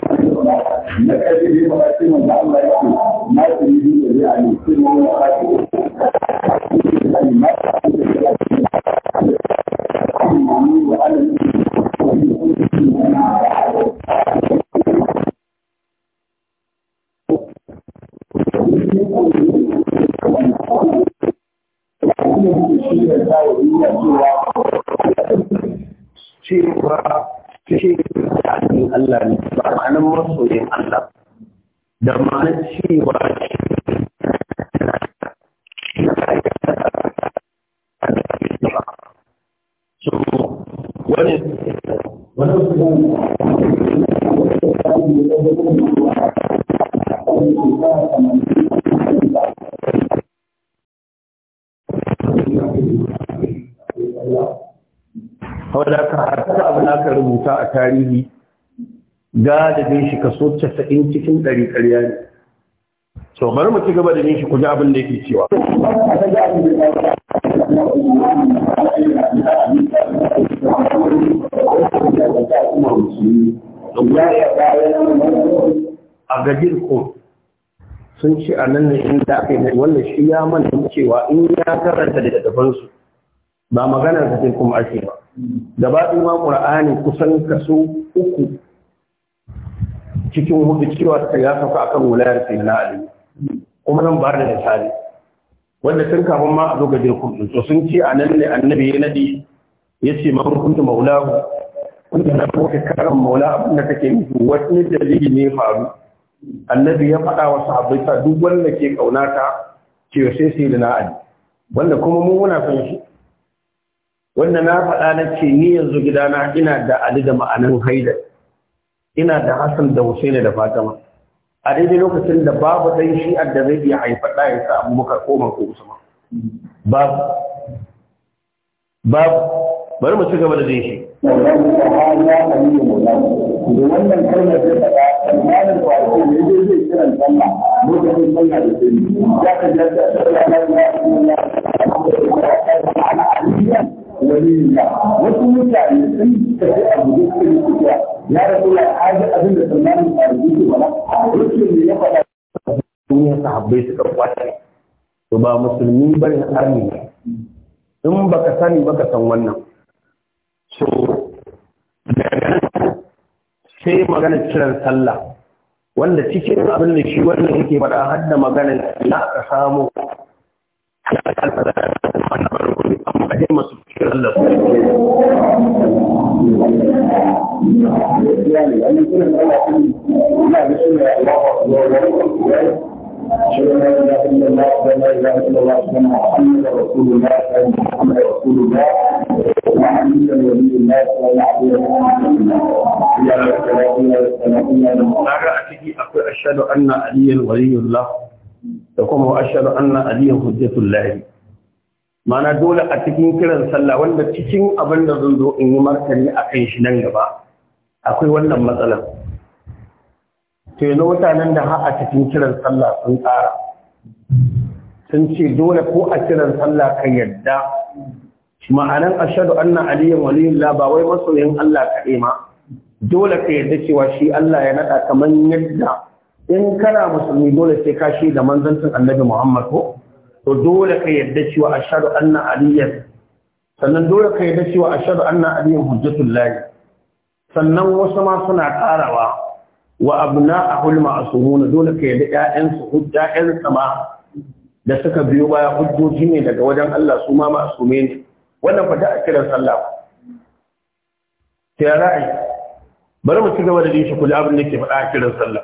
Speaker 2: na ne da ya ce na da ne
Speaker 1: Thank you. shi ta'adin Allah ne ba ma'anar masoyin Allah da ma'anar cewa wani aka rubuta a tarihi galibin shi kaso casa'in cikin ɗari ƙarya ne to bari mu ci gaba da yin shi ku ji abin da yake cewa a gajin ko sun ce a nan ne inda aka yi wannan shi ya manta cewa in ya karanta da dabansu ba maganar da kuma ake ba gabaɗi ma qur'ani kusan kaso uku cikin hudu cewa ta ya sauka akan wulayar na ali kuma nan ba da misali wanda sun kafin ma a zo gajiyar kudu to sun ce a nan ne annabi ya nadi ya ce ma kuntu maulahu kuntu na kuma karan maula abin da kake nufi wani dalili ne faru annabi ya faɗa wa sahabbai duk wanda ke kaunata ce sai sai da na'adi wanda kuma mu muna son shi wanda na faɗa na ce ni yanzu gidana ina da Ali da ma'anan haidar ina da Hassan da Husaini da Fatima a daidai lokacin da babu ɗan shi'ar da zai iya haifa ɗa ya sa abubakar ko mako usman babu babu bari mu ci gaba da jin shi
Speaker 2: da wannan kalmar zai faɗa imanin kwaso ne zai zai kiran sallah lokacin sallah da sai ya ka jarta sallah na ya ya ya ya ya ya ya ya Wani waliyinka wasu mutane sun tafi a guje suka yi tafiya ya rasu ya haji abin da tsammanin a rubutu ba wasu
Speaker 1: ne ya faɗa sun duniyar sahabbai suka kwace to ba musulmi ba ne arni ne in ba ka sani ba ka san wannan so sai magana kiran sallah wanda cikin abin da shi wannan yake faɗa har da maganar da aka samu أشهد أن لا إله إلا الله وأشهد أن لا
Speaker 2: رسول الله وأن محمدا رسول وعلي
Speaker 1: ولي الله صلى أشهد أن عليا ولي الله da kuma ashar anna aliyan lahi mana dole a cikin kiran sallah wanda cikin abin da zan zo in yi martani a kan shi nan gaba akwai wannan matsalar to yanzu mutanen da har a cikin kiran sallah sun tsara sun ce dole ko a kiran sallah ka yadda ma'anan ashhadu anna aliyan waliyullah ba wai masoyin Allah kaɗai ma dole ka yadda cewa shi Allah ya nada kamar yadda in kana musulmi dole sai ka shi da manzancin annabi Muhammad ko to dole ka yadda cewa ashhadu anna aliyyan sannan dole ka yadda cewa ashhadu anna hujjatun layi. sannan wasu ma suna karawa wa abna'ahul ma'sumun dole ka yadda ƴaƴan su hujja'in sama da suka biyo baya hujjoji ne daga wajen Allah su ma ma'sume ne wannan fa da a kiran sallah ta ra'ayi bari mu ci gaba da yin shi abin da ke faɗa a kiran sallah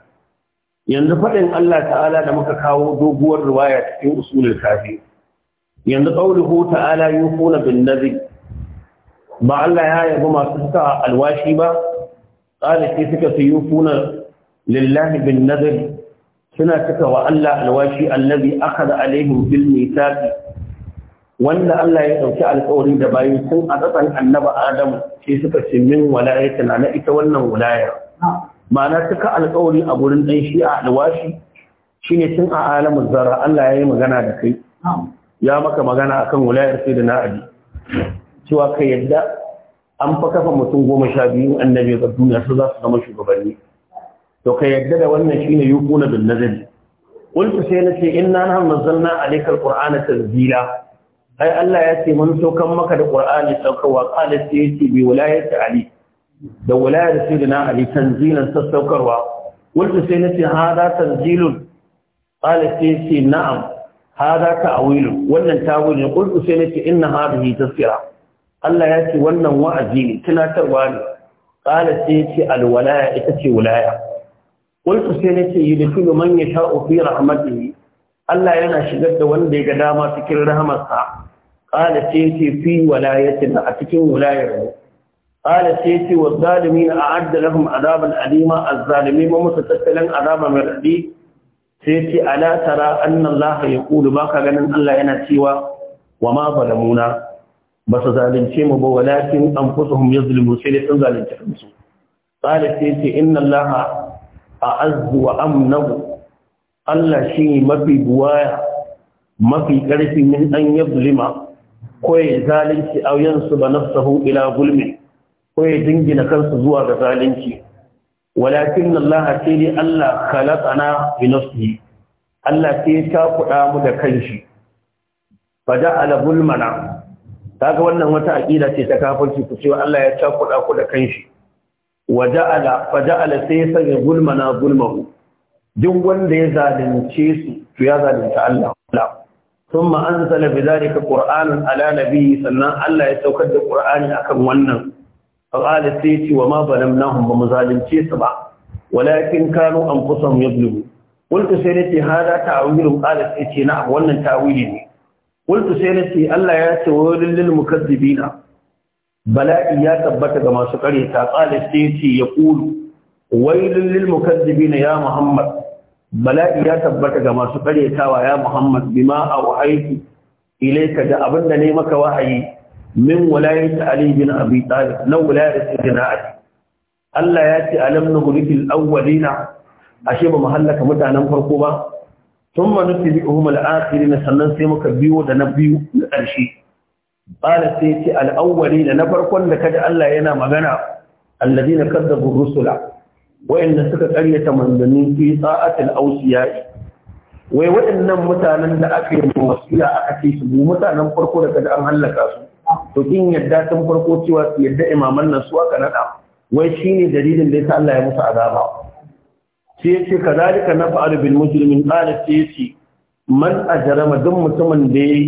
Speaker 1: yanzu faɗin Allah ta'ala da muka kawo doguwar riwaya cikin usulul kafi yanzu qawluhu ta'ala yufuna bin nadhi ba Allah ya yabi masu suka alwashi ba qala ke suka su yufuna lillahi bin nadhi suna cika wa Allah alwashi aka da alaihim bil mithaqi wanda Allah ya ɗauki alƙawari da bayin sun a tsakan annaba Adamu sai suka ce min walayatin ana ita wannan wulayar ma'ana cika alƙawari a gurin ɗan shi'a alwashi shine tun a alamin zara Allah ya yi magana da kai ya maka magana akan wulayar sai da na'adi cewa ka yadda an fa kafa mutum goma sha biyu annabi ga duniya su za su zama shugabanni to ka yadda da wannan shine yukuna bin nazari qultu sai na ce inna nahnu nazzalna alayka alqur'ana tanzila ai Allah ya ce mun saukan maka da qur'ani saukawa qala sai yace bi wilayati ali da wulayar sayyidina ali tanzilan sassaukarwa wanda sai na ce nace hada tanzilun qala sai ce na'am ha za hada ta'wilun wannan tawil ne qultu sai na ce nace inna hadhihi tazkira Allah ya ce wannan wa'azi ne tunatarwa ne qala sai ce alwalaya ita ce wulaya qultu sai na ce yi nace yudkhilu man yasha'u fi rahmatihi Allah yana shigar da wanda ya ga dama cikin rahmarsa qala sai ce fi walayatin a cikin wulayar mu. قال سيتي والظالمين أعد لهم عذابا أليما الظالمين ومتتكلا عذابا مرعبي سيتي ألا ترى أن الله يقول باك غنن الله أنا سوى وما ظلمونا بس ظالم شيم ولكن أنفسهم يظلمون سيتي ظالم تحمسوا قال سيتي إن الله أعز وأمنه Allah shi ne mafi buwaya mafi ƙarfi min an yi zulima ko ya zalunci auyansu ba nafsahu ila gulmi ko ya dingina kansa zuwa ga zalunci walakin Allah sai dai Allah khalaqana bi nafsihi Allah sai ya takuda mu da kanshi faja'ala bulmana kaga wannan wata aqida ce ta kafirci ku cewa Allah ya takuda ku da kanshi waja'ala faja'ala sai ya sanya bulmana bulmahu duk wanda ya zalunce su to ya zalunta Allah ثم أنزل بذلك قرآن على نبي صلى sannan Allah ya الله da القرآن akan wannan. qala sai ce wa ma balamnahum ba muzalimce su ba walakin kanu anfusahum yadlubu qultu sai nace hada ta'wilun qala sai ce na wannan ta'wili ne qultu sai nace Allah ya ce wa lil mukazzibina bala'i ya tabbata ga masu kare ta qala sai ce ya qulu wailul lil mukazzibina ya muhammad bala'i ya tabbata ga masu karetawa ya muhammad bima auhaiki ilaika da abinda ne maka wahayi min wilayat ali bin abi talib na wilayat sayyidina ali Allah ya ce alam nuhlikil awwalina ashe ba mu mutanen farko ba ثم نتبعهم الآخرين sannan sai muka biyo da na biyu na ƙarshe qala sai ce al-awwalin na farkon da kaji Allah yana magana alladina kadzabu rusula wa'inda suka karyata manzanni fi sa'atil awsiya wai waɗannan mutanen da aka yi wasiya aka ce su mutanen farko da kaji an hallaka su to kin yadda tun farko cewa yadda imaman nan su aka nada wai shine dalilin da yasa Allah ya musu azaba sai yace kadalika nafa'alu bil mujrimin qala sai yace man ajrama duk mutumin da yayi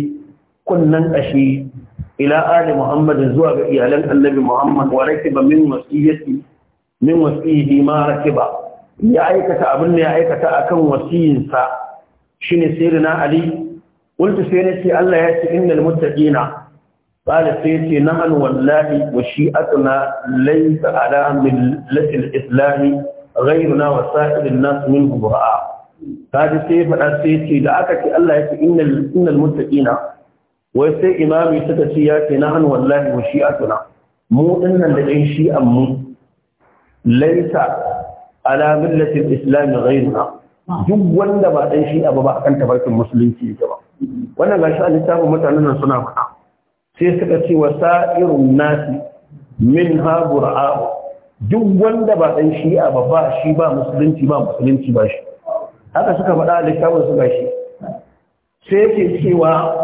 Speaker 1: kunnan kashi ila ali muhammad zuwa ga iyalan annabi muhammad wa rakiba min wasiyati min wasiyati ma rakiba ya aikata abin da ya aikata akan wasiyinsa shine sayyidina ali qultu sai nace Allah ya ce innal muttaqina قال سيتي نحن والله وشيئتنا ليس على ملة الإسلام غيرنا وسائر الناس منه براء هذا سيف سيتي لأكك الله يتي إن, إن المتقين ويسي إمامي ستسياتي نحن والله وشيئتنا مو إن لدي شيئا مو ليس على ملة الإسلام غيرنا duk wanda ba ɗan shi abu ba a kan tabarkin musulunci ya ba wannan gashi a littafin mutanen nan suna faɗa sai suka ce wa sa'irun nasi min ha bura'a'u duk wanda ba ɗan shi'a ba ba shi ba musulunci ba musulunci ba shi haka suka faɗa littafin su shi sai yake cewa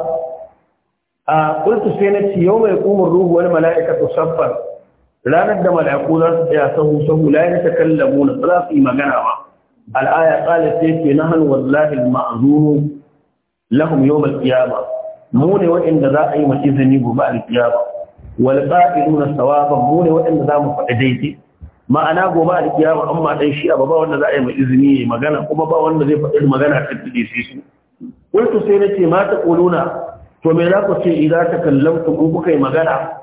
Speaker 1: a kultu sai na ci yau mai kumar ruhu wani mala'ika to saffar ranar da mala'iku za su tsaya sahu sahu la ta kallamu na ba za su yi magana ba al'aya ƙalar sai na hannu wallahi ma'azuru lahum yau mal mu ne waɗanda za a yi ma izini gobe alkiyama wal qa'iluna sawaban mu ne waɗanda za mu faɗi daidai ma'ana gobe alkiyama amma ɗan shi ba wanda za a yi ma izini magana kuma ba wanda zai faɗi magana ta dade sai su kuntu sai na ce mata quluna to me za ku ce idan ta kallamtu ku kuka yi magana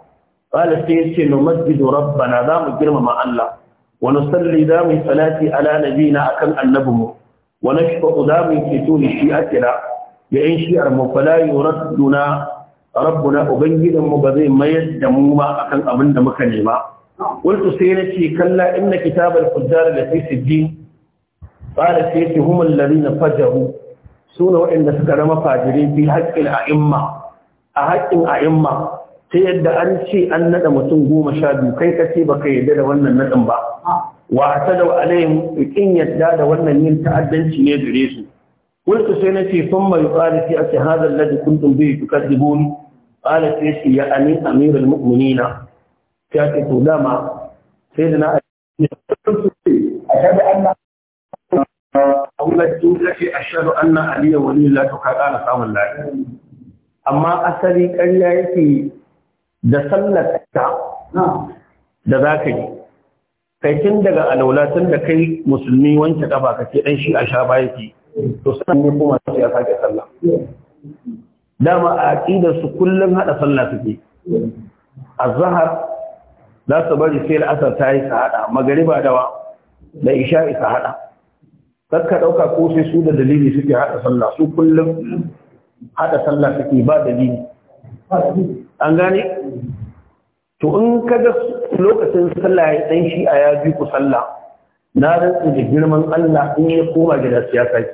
Speaker 1: qala sai yace no masjidu rabbana za mu girmama Allah wa nusalli za mu yi salati ala nabiyina akan annabinmu wa nashfa za mu yi ceto li shi'atina ya yin shi'ar mu fala yuradduna rabbuna ubangidan mu ba zai mayar da mu ba kan abin da muka nema qultu sai nace kalla inna kitabal fujjar la fi sijjin qala sayti hum alladhina fajaru suna waɗanda suka rama fajiri fi haqqil a'imma a haƙƙin ta yadda an ce an naɗa mutum goma sha biyu kai ka ce baka yadda da wannan naɗin ba wa ta da alayhim kin yadda da wannan yin ta'addanci ne gare su قلت سينتي ثم يقال في هذا الذي كنتم به تكذبون قال سيسي يا أمير, أمير المؤمنين كاتب لما سيدنا أشهد أن أولاد لك أشهد أن علي ولي الله تكالا قام الله أما أسري كان يأتي da sallar ta da za ka yi kai tun daga alaula tun da kai musulmi wanke kafa kake dan shi a sha baya to sannan kuma sai a sake sallah dama a aqidar su kullum hada sallah suke azhar za su bari sai al'asar ta yi sahada magariba dawa da isha'i sahada kakka dauka ko sai su da dalili suke hada sallah su kullum hada sallah suke ba dalili an gane to in kaga lokacin sallah ya dan shi a ya bi ku sallah na rantsu da girman Allah in ya koma gidan siyasa ki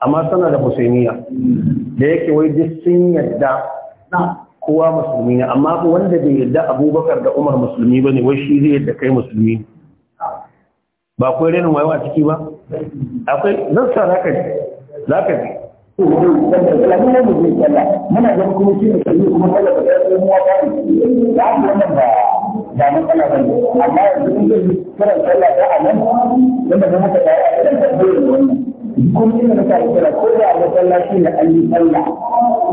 Speaker 1: amma Sana da husainiya da yake wai duk sun yadda kowa musulmi ne amma wanda bai yadda abubakar da umar musulmi ba ne wai shi zai yadda kai musulmi ne ba akwai renin wayo a ciki ba akwai zan sa za ka ji za ka ji
Speaker 2: muna zama da shi ne kuma da ka ƙarfi muwa ta ne da aka ba da matsala ba ne amma yanzu in zai karanta Allah ta a nan yadda zama ta kawo a cikin da wannan kuma ina da kai kira ko da masallaci na an yi sallah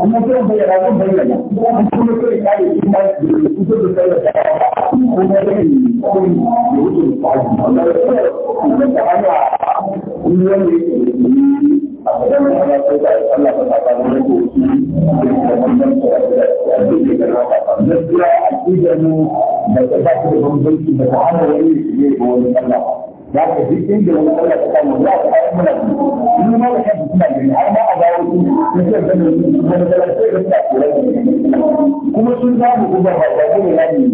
Speaker 2: kuma kuma bai da ko bai da kuma kuma kai kai shi ma shi ko da sai da ko da kai ko da wuce da kai da ko da kuma da ana uniyar ne a cikin wannan sai da ne ko shi da wannan sai da shi da na kira a cikin da ta ta da bambanci da ta hana wani ne ko wani sallah za ka duk inda wani Allah ta samu za ka ai muna ni ma da kanka kuna gani har ma a dawo su ne sai da ni da da sai da ta kula kuma sun za mu duba ba da ne ya ni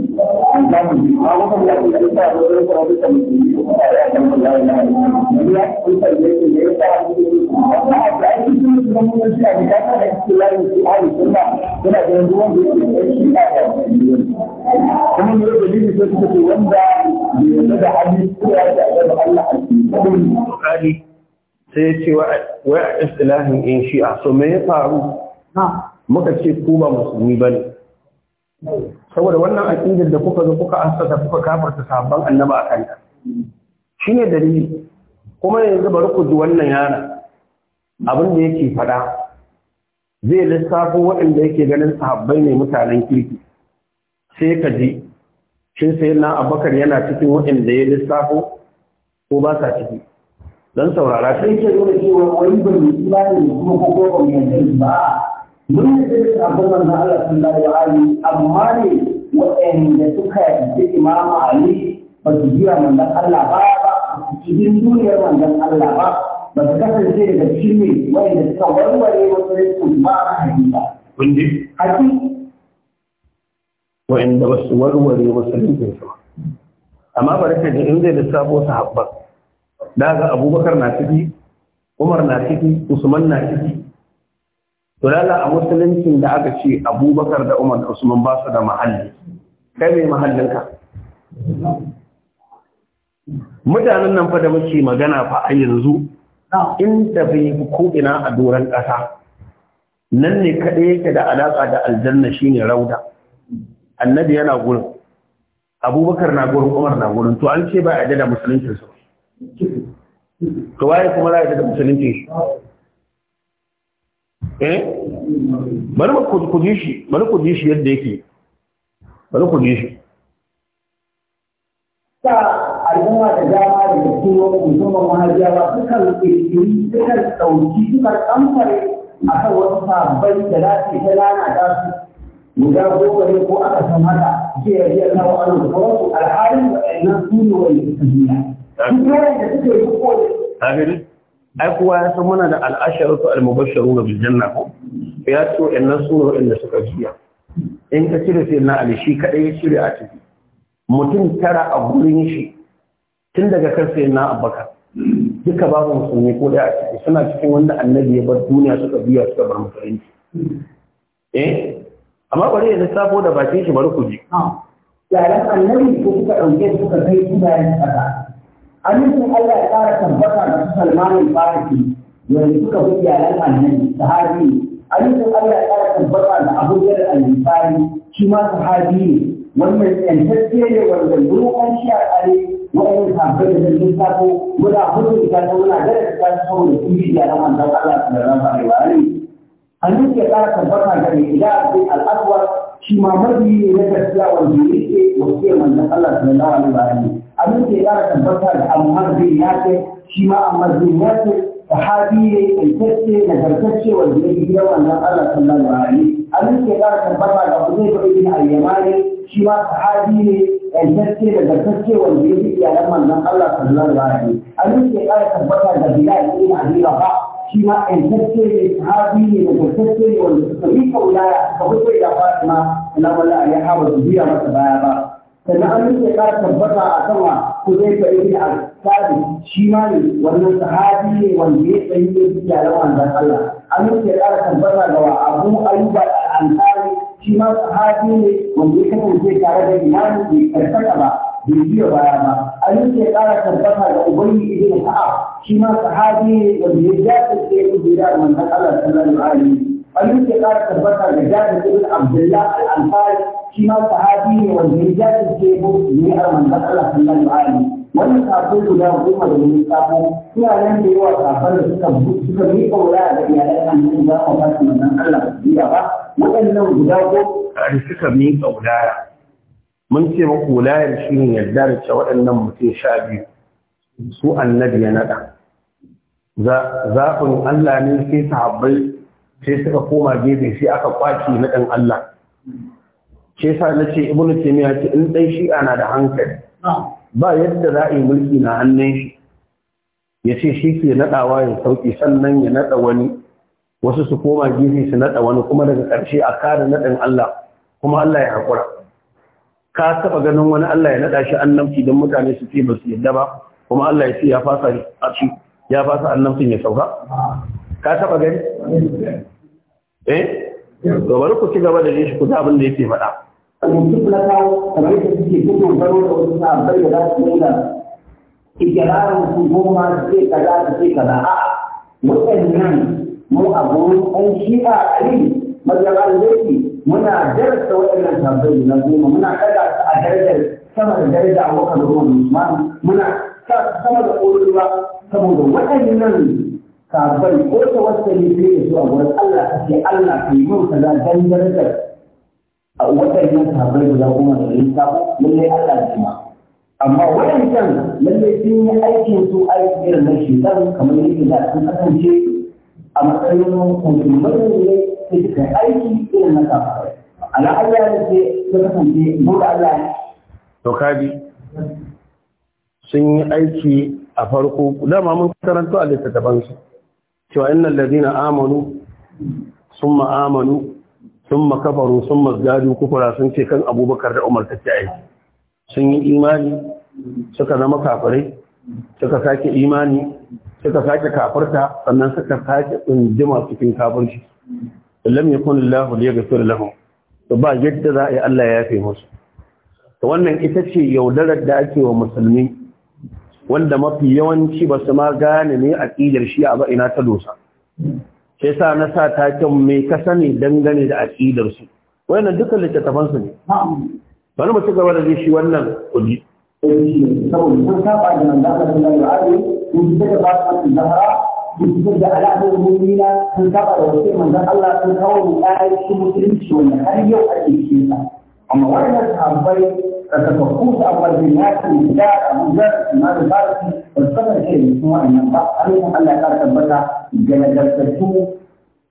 Speaker 2: an za mu a wannan da ke da ta da ta da ta ni ba ya ta ta ya ya ni ya ku ta ne ne ya ta ba a da shi ne da mu ne shi a ga ta da shi la ni a ta kuma kuna da ruwan da ke shi a ta kuma ne da ni sai ta ta wanda ne da hadisi ya da
Speaker 1: da ce wai a istilahin in shi'a so me ya faru muka ce ku ba musulmi ba ne saboda wannan aƙidar da kuka zo kuka asasa kuka kafarta sabon annaba a kanta shi ne dalili kuma yanzu bari ku ji wannan yana abin da yake faɗa zai lissafo waɗanda yake ganin sahabbai ne mutanen kirki sai ka ji shin sai na abakar yana cikin waɗanda ya lissafo ko ba sa ciki don saurara sai
Speaker 2: ke nuna cewa wani ban yi ba ne kuma ko ko ne yanzu ba mun yi da abin nan na Allah sun dawo ali amma ne waɗanda suka yi Imam Ali ba su jira manzon Allah ba ba cikin duniyar manzon Allah ba ba su kasance da shi ne waɗanda suka warware
Speaker 1: wasu rikin ba a kun ji? Haƙi. Waɗanda ba su warware wasu rikin ba. amma bari da inda in sabo lissafo sahabban da ga abubakar na ciki umar na ciki usman na ciki to lalla a musuluncin da aka ce abubakar da umar da usman ba su da mahalli kai mai mahallinka mutanen nan fa da muke magana fa a yanzu da bai ko ina a doron ƙasa nan ne kaɗai yake da alaƙa da aljanna shine rauda annabi yana gurin abubakar na gurin umar na gurin to an ce ba a da musuluncin su to waye kuma za a da musuluncin shi eh bari ku ji shi bari ku shi yadda yake bari ku shi
Speaker 2: ta al'umma da dama da turo musamman mahajiyawa sukan kirkiri sukan ɗauki sukan kamfare a kan wasu sabbai da za su yi ta lana da su guda goma ne ko aka san haka jiya jiya na wa'anu da sauransu alhalin waɗannan su ne wani suka duniya. Duk yawan da suke yi ko
Speaker 1: ne. Ai kowa ya san muna da al'asharatu al-mubashsharu na biljanna ko ya ce waɗannan su ne waɗanda suka jiya. In ka cire sai na Ali shi kaɗai ya cire a ciki. Mutum tara a gurin shi tun daga kan sai na Abubakar. Duka babu musulmi ko ɗaya a ciki suna cikin wanda annabi ya bar duniya suka biya suka bar musulunci. Eh, amma bari ya lissafo da bakin shi bari ku ji
Speaker 2: ah. yaran annabi ko kuka ɗauke su kuka kai su bayan ƙasa amincin Allah ya ƙara tabbata da su salmanin fariki yanzu suka fi yaran annabi sahabi amincin Allah ya ƙara tabbata da abubuwan al-misali shi ma sahabi ne wannan yantacce ne wanda dokan shi a tsare wa'in sabbin da zai sako muna hudu ta ta muna gara ta ta saboda kun bi da ramar da Allah ta rama a hannun ya ƙara tabbata ga mai ila a cikin al'aduwa shi ma mafi na gaskiya wanda ya ke wasu yamman na Allah sallallahu alaihi ne. sallam hannun ya ƙara tabbata ga Ammar bin Yasir shi ma Ammar bin Yasir sahabi ne kaitacce nagartacce wanda ya gida wannan Allah sallallahu alaihi hannun ya ƙara tabbata ga Hudai bin Ibn al-Yamani shi ma sahabi ne kaitacce nagartacce wanda ya gida iyalan manzon Allah ne. alaihi hannun ya ƙara tabbata ga Bilal ibn Abi Rabah Shima ma ƴantacce ne sahabi ne nagartacce ne wanda suka rika wulaya suka fito da fatima na wala a yaha ba su biya masa baya ba sannan an rike ƙara tabbata a sama ko zai fa ibn al-sadi shi ma ne wannan sahabi ne wanda ya tsayi ne jalan Allah an rike ƙara tabbata ga Abu Ayyub al-Ansari shi ma sahabi ne wanda ya kasance tare da imani bai karkata ba bai biya baya ba abin ya ƙara tabbata da ubangi ibn ka'ab shi ma sahabi wanda ya jaje da ibn da manzon Allah sallallahu alaihi abin da ya ƙara tabbata da jaje ibn Abdullah al-Ansari shi ma sahabi ne wanda ya jaje da ibn da manzon Allah sallallahu alaihi wannan kafin guda goma da wani sabo suna nan da yawa kafin da suka suka bi kaura da iyalan annabi ba ko
Speaker 1: ba su manzon Allah biya ba waɗannan guda goma da suka mi kaura mun ce maku layar shi ne yarda da cewa waɗannan mutum sha biyu su annabi ya naɗa zafin Allah ne sai sahabbai sai suka koma gefe sai aka kwaci naɗin Allah ce sa na ce ibn taymiya ce in dai shi ana da hankali ba yadda za a yi mulki na hannun shi ya ce shi ke naɗawa ya sauƙi, sannan ya naɗa wani wasu su koma gefe su naɗa wani kuma daga ƙarshe a kare naɗin Allah kuma Allah ya haƙura ka taɓa ganin wani Allah ya nada shi annabci don mutane su ce ba su yadda ba kuma Allah ya ce ya fasa a ci ya fasa annabcin ya sauka ka taɓa gani eh to bari ku ci gaba da shi ku abin da yake faɗa
Speaker 2: su mu abu an shi'a ali mazhaban zai muna darasa waɗannan tabbai na goma muna kada su a darajar sama da daraja a wakar ruwan musamman muna sa sama da ƙoruwa saboda waɗannan tabbai ko ta wasu ne sai da su a wurin Allah ta ce Allah ta yi mun kaza dan darajar a waɗannan da za goma da lissafo lallai Allah ya ma amma waɗancan lallai sun yi aikin su aiki irin na shekaru kamar yadda za su kasance a matsayin musulmai ne sai ka aiki irin na kasance dole Allah ne to
Speaker 1: sun yi aiki a farko dama mun karanto a littattafan su cewa inna ladina amanu summa amanu sun kafaru summa zadu kufra sun ce kan Abubakar da Umar ta aiki sun yi imani suka zama kafirai suka sake imani suka sake kafarta sannan suka sake tsundima cikin kafirci lam yakun Allah liyaghfir lahum to ba yadda za a yi Allah ya yafe musu to wannan ita ce yaudarar da ake wa musulmi wanda mafi yawanci ba su ma gane ne a aqidar shi a ba ina ta dosa sai sa na sa taken mai ka sani dangane da a aqidar su wannan dukkan littattafan su ne bari mu ci gaba da shi wannan kudi saboda sun saba da
Speaker 2: manzon Allah ba su zahara duk da alaƙoƙi na sun saba da wasu manzan Allah sun kawo ƙarar shi mutunci wanda har yau ake cikin sa amma wannan sahabbai da suka kusa wajen ya kan da abubuwa na da farki da su kasance da su wa'annan ba hannun Allah ya tabbata ga nagartattu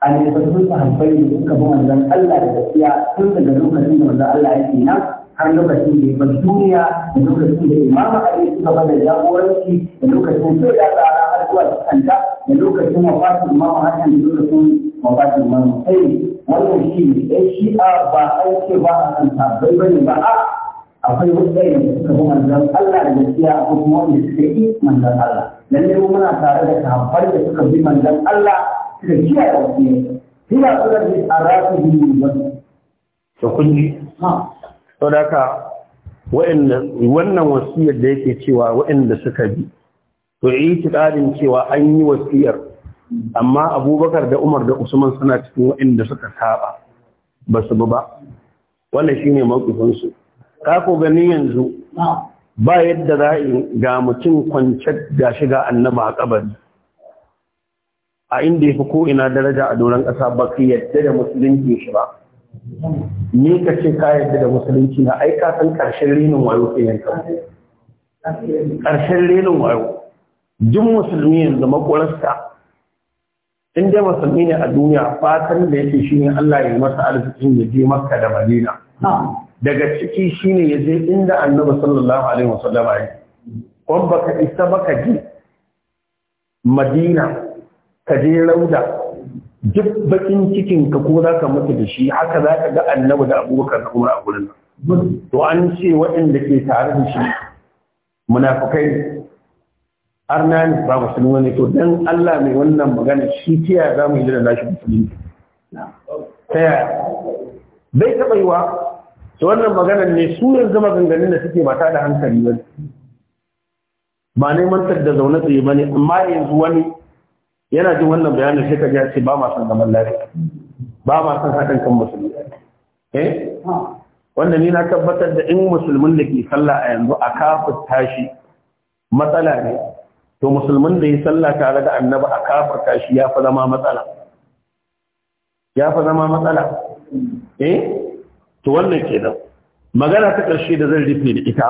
Speaker 2: a nagartattun sahabbai da suka bi manzan Allah da gaskiya tun daga lokacin da manzan Allah yake nan har lokacin da ya bar duniya da lokacin da imama Ali suka bada jagoranci da lokacin sai ya tsara har zuwa cikin da lokacin wafatin mama hakan da lokacin wafatin mama sai wannan shi ne shi'a ba aike ba a kan sabbai bane ba a akwai wadanda da suka bi manzon Allah da gaskiya ko kuma wanda suka yi manzon Allah lalle mu muna tare da sahabbai da suka bi manzon Allah suka kiyaye ne hira suna da arafi bi
Speaker 1: to kun ji ha saboda haka wa'annan wannan wasiyar da yake cewa wa'anda suka bi to itiqadin cewa an yi wasiyar amma abubakar da umar da usman suna cikin waɗanda suka saba ba su ba wannan shine ne su ka ko gani yanzu ba yadda za ga mutum kwance da shiga annaba a kabari a inda ya fi ko ina daraja a doron ƙasa ba ka yadda da musulunci shi ba ni ka ce ka yadda da musulunci na aika ka san ƙarshen renin wayo ke ƙarshen renin wayo duk musulmi yanzu makwararsa in dai musulmi ne a duniya fatan da yake shine Allah ya masa arzikin ya je Makka da Madina ah. daga ciki shine ya je inda Annabi sallallahu alaihi wasallam ya kon baka isa baka ji Madina ka je Rauda duk bakin cikin ka ko ka mutu da shi haka za ka ga Annabi da Abubakar da Umar a gurin to an ce waɗanda ke tare da shi munafukai. arnani ne ba musulmi ne to dan Allah mai wannan magana shi tiya za mu yi da nashi musulmi ta yaya bai taɓa yi wa to wannan maganar ne su yanzu maganganun da suke mata da hankali ba ba neman da zaune tsaye ba ne amma yanzu wani yana jin wannan bayanin sai ka ji ce ba ma san zaman lafiya ba ma san haɗin kan musulmi eh wanda ni na tabbatar da in musulmin da ke sallah a yanzu a kafin tashi matsala ne to musulman da ya salla tare da annabi a kafarta shi ya fi zama matsala ya fi zama matsala eh to wannan nan. magana ta ƙarshe da zan rufe da ita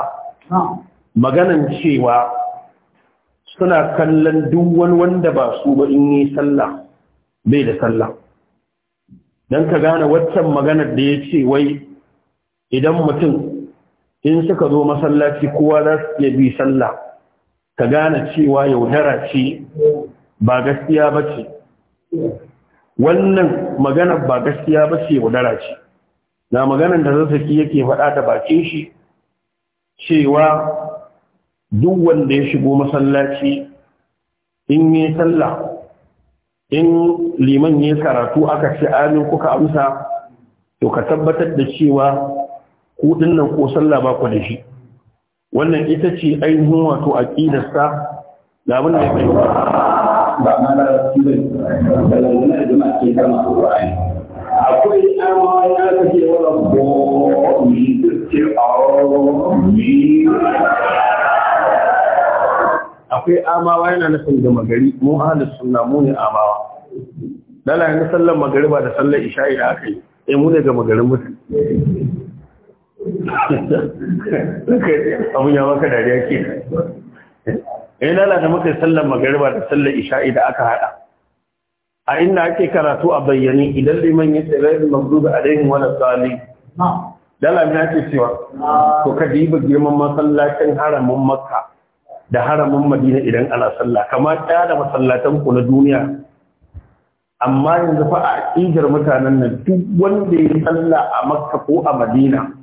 Speaker 1: maganan cewa suna kallon duk wani wanda ba su ba in yi sallah bai da sallah don ka gane waccan maganar da ya ce wai idan mutum in suka zo masallaci kowa za su iya bi sallah ka gane cewa yaudara ce ba gaskiya ba ce wannan magana ba gaskiya ba ce yaudara ce na maganan da zazzaki yake faɗa da bakin shi cewa duk wanda ya shigo masallaci in yi sallah in liman ya karatu aka ce amin kuka amsa to ka tabbatar da cewa ku nan ko sallah ba ku da shi wannan ita ce ainihin wato aqidarsa da abin da yake
Speaker 2: ba ma da da jama'a ke kama Qur'ani akwai amma ya kace wala bo ni ce a
Speaker 1: ni akwai amawa yana nufin da magari mu ahlus suna mu ne amawa Dalayin na sallar magariba da sallar isha'i da aka yi sai mu ne ga magarin mutum
Speaker 2: abun
Speaker 1: ya maka dariya ke ya eh, lalata maka sallar magariba da sallar isha'i da aka hada a inda ake karatu a bayyane idan liman ya tsira da magdubi a dayin wani tsali dalamin ake cewa ko ka diba girman masallacin haramin makka da haramin madina idan ana salla Kama ɗaya da masallatan ku na duniya amma yanzu fa a ƙijar mutanen nan duk wanda ya sallah a makka ko a madina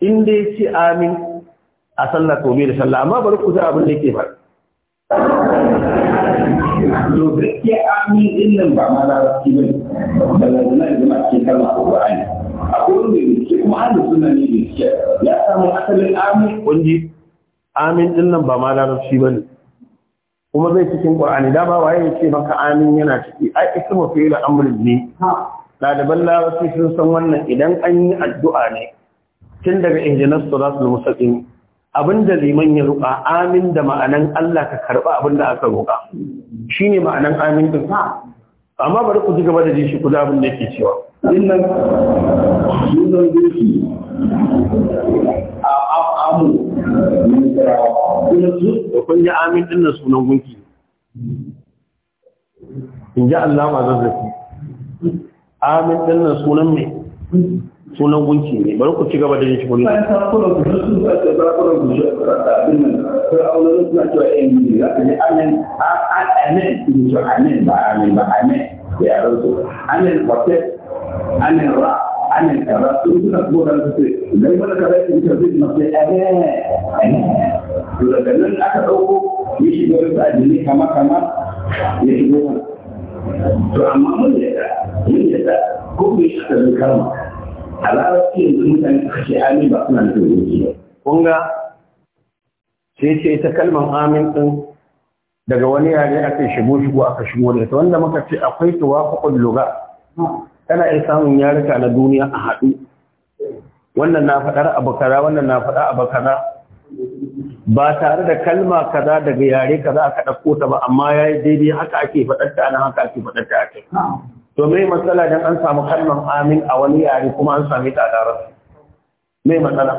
Speaker 1: in dai ce amin a sallar tobe da sallah amma bari ku abin da yake fara.
Speaker 2: amin din ba ma da ma ke a a da da
Speaker 1: ya samu amin din ba ma larabci ba ne kuma zai cikin qur'ani da ba waye ce maka amin yana ciki ai ismu da amrin ne ɗaliban larabci sun san wannan idan an yi addu'a ne tun daga injinan surat za su abin da abinda liman ya ruƙa amin da ma'anan Allah ka karɓa abinda aka roƙa shi ne ma'anan amin din amma bari ku ji gaba da jishi ku da abin da yake cewa dinnan sunan dinki a amu da kun yi amin sunan gunki in ji Allah ma zazzafi amin dinnan sunan mai sunan gunki ne bari ku ci gaba da yin shi kullum eh, amin
Speaker 2: ra amin kaza sun suna kuma da su ce idan mana kaza ya ce zai na sai amin amin to daga nan aka dauko ya shiga da addini kama kama ya shigo to amma mun yadda mun
Speaker 1: yadda ko mun shi da kalma a ba sai ce kalmar amin daga wani yare aka shigo shigo aka shigo da ta wanda muka ce akwai tuwafuqul lugha kana iya samun yarika na duniya a haɗu wannan na faɗar abokara wannan na faɗa abokara. ba tare da kalma kaza daga yare kaza aka ɗauko ta ba amma ya yi daidai haka ake faɗar ta ana haka ake faɗar ta ake to mai matsala don an samu kalmar amin a wani yare kuma an sami ta a larabci me matsala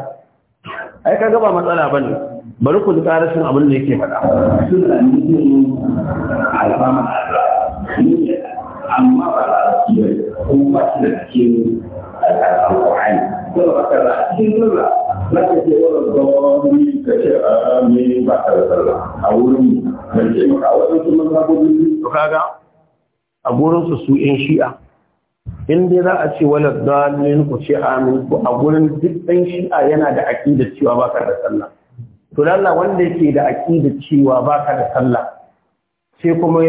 Speaker 1: ai ka gaba matsala bane bari ku ji abin da yake faɗa amma
Speaker 2: ka ce a ah,
Speaker 1: ba da sallah a wurin maka wajen kuma kaga a gurinsu su in shi'a in dai za a ce wala dalilin ku ce amin ku a gurin duk dan shi'a yana da aqida cewa ba ka da sallah to lalla wanda yake da aqida cewa ba ka da sallah sai kuma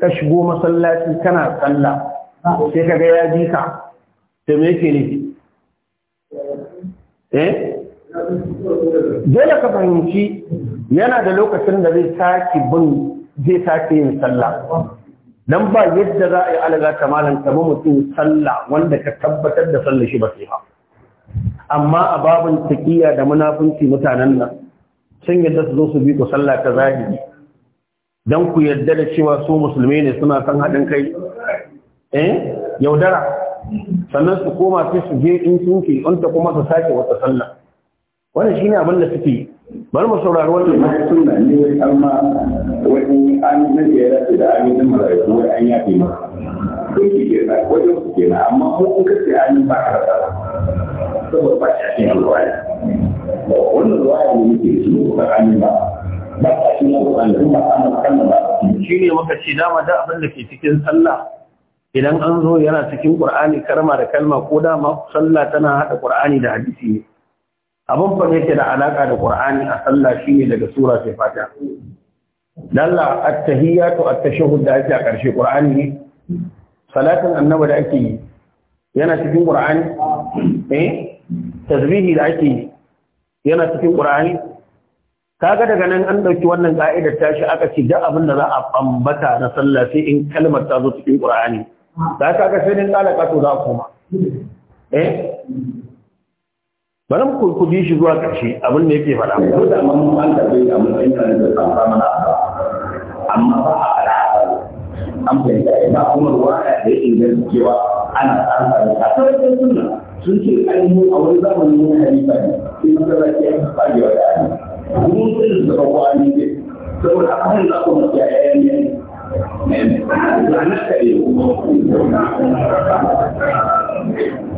Speaker 1: ka shigo masallaci kana sallah sai ka ga ya ji ka to me yake ne eh dole ka fahimci yana da lokacin da zai sake bin zai sake yin sallah nan ba yadda za a yi alaga ta malam kama mutum sallah wanda ka tabbatar da sallah shi ba sai ba amma a babin taƙiya da munafunci mutanen nan sun yadda su zo su bi ku sallah ta zahiri don ku yadda da cewa su musulmi ne suna son haɗin kai eh yaudara sannan su koma sai su je in sun ke kuma su sake wata sallah wannan shine abin da suke bari mu saurari wannan na sunna ne wai amma wani an na ya rasu da aminin malaiku wai an yafe ma kun ki ke na wajen ku
Speaker 2: ke na amma mu kun kace an ba a rasa saboda ba shi cikin alwaya
Speaker 1: wannan ruwaya ne muke su ba amin ba ba ta shi ne ruwan da ba a kan da ba shi ne maka ce dama da abin da ke cikin sallah idan an zo yana cikin qur'ani karma da kalma ko dama sallah tana hada qur'ani da hadisi ne abin fa yake da alaka da qur'ani a sallah shine daga sura sai fata lalla at-tahiyatu at-tashahhud da ake a karshe qur'ani ne salatin annabi da ake yi yana cikin qur'ani eh tasbihi da ake yi yana cikin qur'ani kaga daga nan an dauki wannan ka'idar tashi aka ci duk abin da za a ambata na sallah sai in kalmar ta zo cikin qur'ani da ga sai din lalaka to za a koma eh bari mu ku bi shi zuwa ƙarshe abin da yake faɗa ko da mun an karbe a matsayin kan da tsamfa mana
Speaker 2: amma ba a ala an fahimta ina kuma ruwa da ya inganta cewa ana tsarfa da kasar sunna sun ce ainihin a wani zamanin wani halifa ne sai ka ya fi fagewa da ali kuma sun da ba kwa ne saboda a kan za ku mutu yayan ne ne ne ne ne ne ne ne ne ne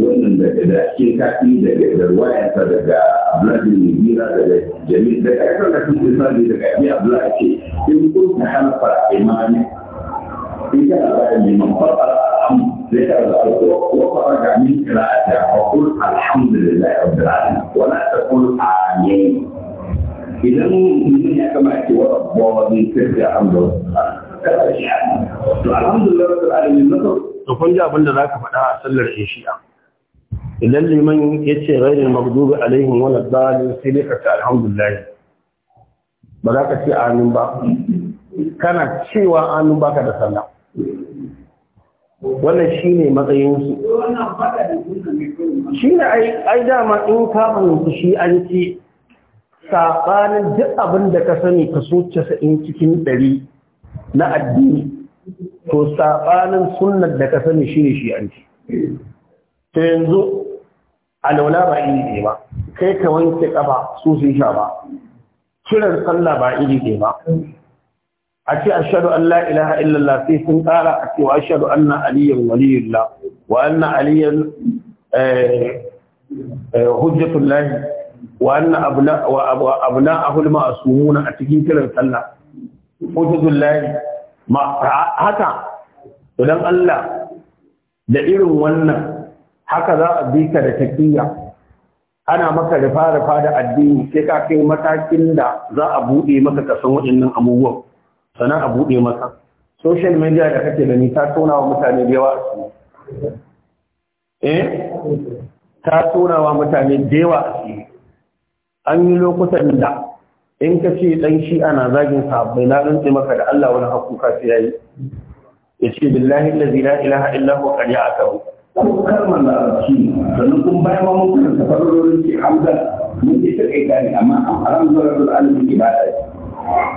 Speaker 2: wannan daga da cikin kafin da ke da daga garwayarsa daga abdullahi bin gira daga jami'in daga kasar da kuma isali daga iya abdullahi ce in kun ta fara imani in ka da bayan liman farfar alhamdu zai ka da alko ko fara ga min kira'ata wa kul alhamdulillah rabbil alamin wa la taqul amin
Speaker 1: idan mutum ya kama ce wa rabbawa min kirka alhamdulillah to alhamdulillah rabbil alamin na to kun ji abin da zaka faɗa a sallar Ishiya. idan liman ya ce rairin magdubi alaihim wani dalil sai ne ka alhamdulillah ba za ka ce amin ba kana cewa amin baka da sallah wannan shi ne matsayinsu shi ne ai dama in ka fahimci shi an ce saɓanin duk abin da ka sani kaso casa'in cikin ɗari na addini to saɓanin sunan da ka sani shi ne shi an ce to yanzu launa ba iri ne ba kai ka wanke ƙafa su sun sha ba kiran sallah ba iri ne ba a ce ashhadu an la ilaha illallah sai sun kara a ce wa ashhadu anna aliyan waliyullah wa anna aliyan eh, eh, hujjatullahi wa anna abna wa abna a ma'sumuna a cikin kiran sallah hujjatullahi ma haka to dan Allah da irin wannan haka za a bi ka da tafiya, ana maka rufa-rufa da addini sai ka kai matakin da za a buɗe maka kasan waɗannan abubuwan sannan a buɗe maka social media da kake gani ta tona wa mutane da yawa eh ta tona wa mutane da yawa an yi lokutan da in ka ce dan shi ana zagin bai na rantsi maka da Allah wani hakuka sai yayi ce, billahi allazi la ilaha illa huwa a ko kalmar larabci sannan kun bayan ma mun karanta farorin ce hamza mun ce kai gane amma an haram zuwa
Speaker 2: rabbul alamin ibada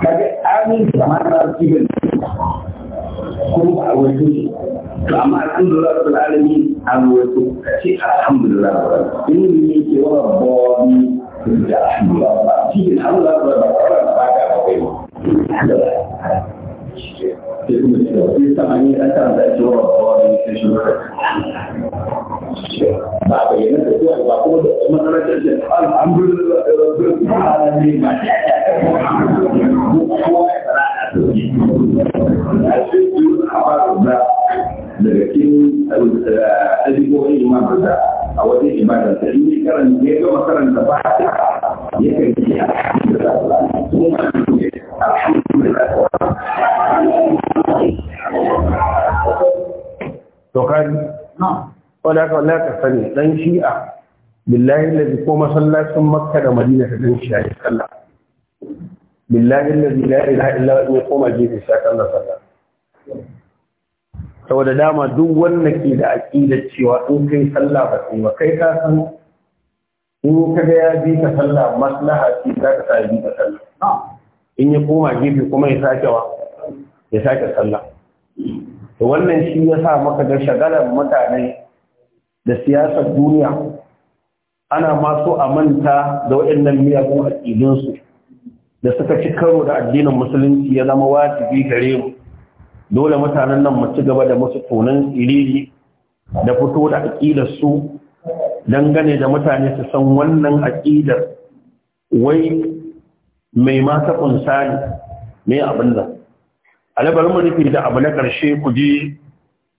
Speaker 2: kaga amin kamar larabci ne kuma ba a wato to amma alhamdulillah rabbil alamin an wato ce alhamdulillah in ne ke wa rabbi da alhamdulillah shi ne alhamdulillah ba ka ba kai daga cikin abubuwan imam da a waje ibadarsa in yi karanta ya gama karanta ba ta ya kan yi a cikin da kuma a cikin da
Speaker 1: to kari wadda aka wadda ka sani ɗan shi'a billahi lalzi ko masallacin makka da madina ta dan shi'a ya sallah billahi lalzi la ilaha illa wa koma gefe sha kallon sallah saboda dama duk wanda ke da aƙidar cewa in kai sallah ba sai ba kai ka san in ka ga ya bi ka sallah maslaha ce za ka sa bi ka sallah in ya koma gefe kuma ya sake wa ya sake sallah to wannan shi ya sa maka da shagalar mutane da siyasar duniya ana masu a manta da waɗannan miyagun aƙidunsu da suka ci karo da addinin musulunci ya zama wajibi gare mu dole mutanen nan mu ci gaba da musu tonan iriri da fito da aƙidar su dangane da mutane su san wannan aƙidar wai mai mata kunsa ne mai abin da alabar manufi da abu na ƙarshe ku ji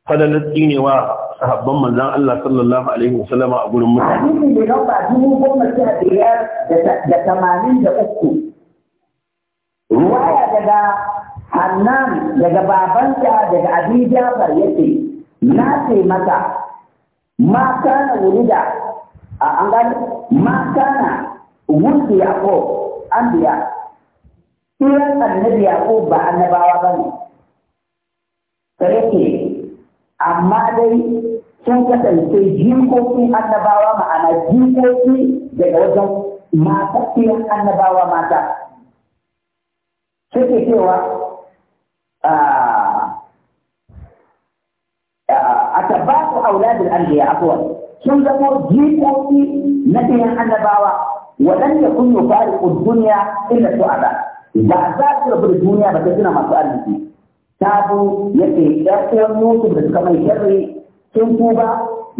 Speaker 1: fadalar tsinewa sahabban manzan Allah sallallahu alaihi wasallama a gurin mutane.
Speaker 2: Hadisin da nan ba dubu goma sha biyar da tamanin da uku. Ruwaya daga annan daga babanta daga abin jafar yake na ce mata ma kana wulida a an gani ma kana wulida an biya, iyan annabi ko ba annabawa ba ne sai ke amma dai sun kasance jikokin annabawa ma'ana jikoki daga wajen mata annabawa mata suke cewa A atabatu auladul anbiya afwan sun zama jikoki na ɗayan annabawa waɗanda kun yi fari duniya illa su'ada ba za su rabu da duniya ba sai suna masu arziki ta ya ce 'yar uwan mutum da suka mai sharri sun tuba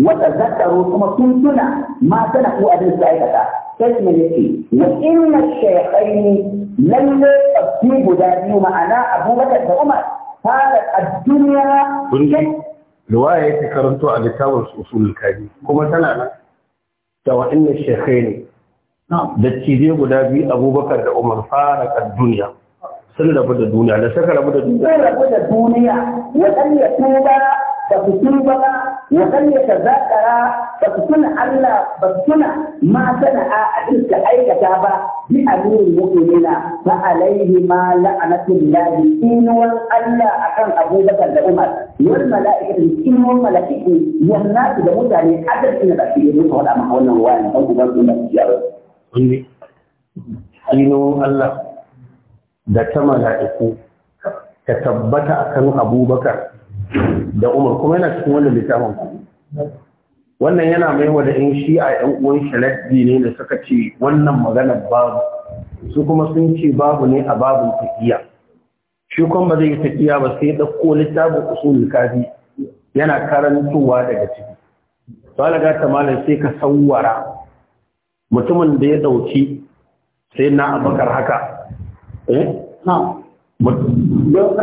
Speaker 2: wata zakaro kuma sun tuna ma tana ku abin su aikata sai mai yake na inna shaykhaini lalle tsaffi guda biyu ma'ana abubakar da umar fara a duniya
Speaker 1: riwaya yake karanto a littafin usulul kaji kuma tana nan da wa inna shaykhaini da cije guda biyu abubakar da umar fara a sun rabu da duniya da suka rabu da duniya
Speaker 2: sun rabu da duniya ya tsanya tuba ba su tun ba wasan ya ta zakara ba su tuna Allah ba su tuna ma sana'a abin da aikata ba bi amirin mu'minina ba alaihi ma la'anatullahi inuwan Allah akan Abu Bakar da Umar wal mala'ikatu inuwan mala'iku wan nasu da mutane adadin da su
Speaker 1: yi musu wada ma wannan wani dan uban su da ciyawa inuwan Allah da ta mala'iku ta tabbata a kan abubakar. da umar kuma yana cikin wannan littafin ku wannan yana maiwa da in shi a yan uwan sharaddi ne da suka ce wannan magana babu su kuma sun ce babu ne a babun tafiya shi kuma ba zai yi tafiya ba sai ɗauko littafin usul kafi yana karantowa daga ciki balaga ta malam sai ka sawwara mutumin da ya ɗauki sai na abakar haka eh na Eh,
Speaker 2: wanda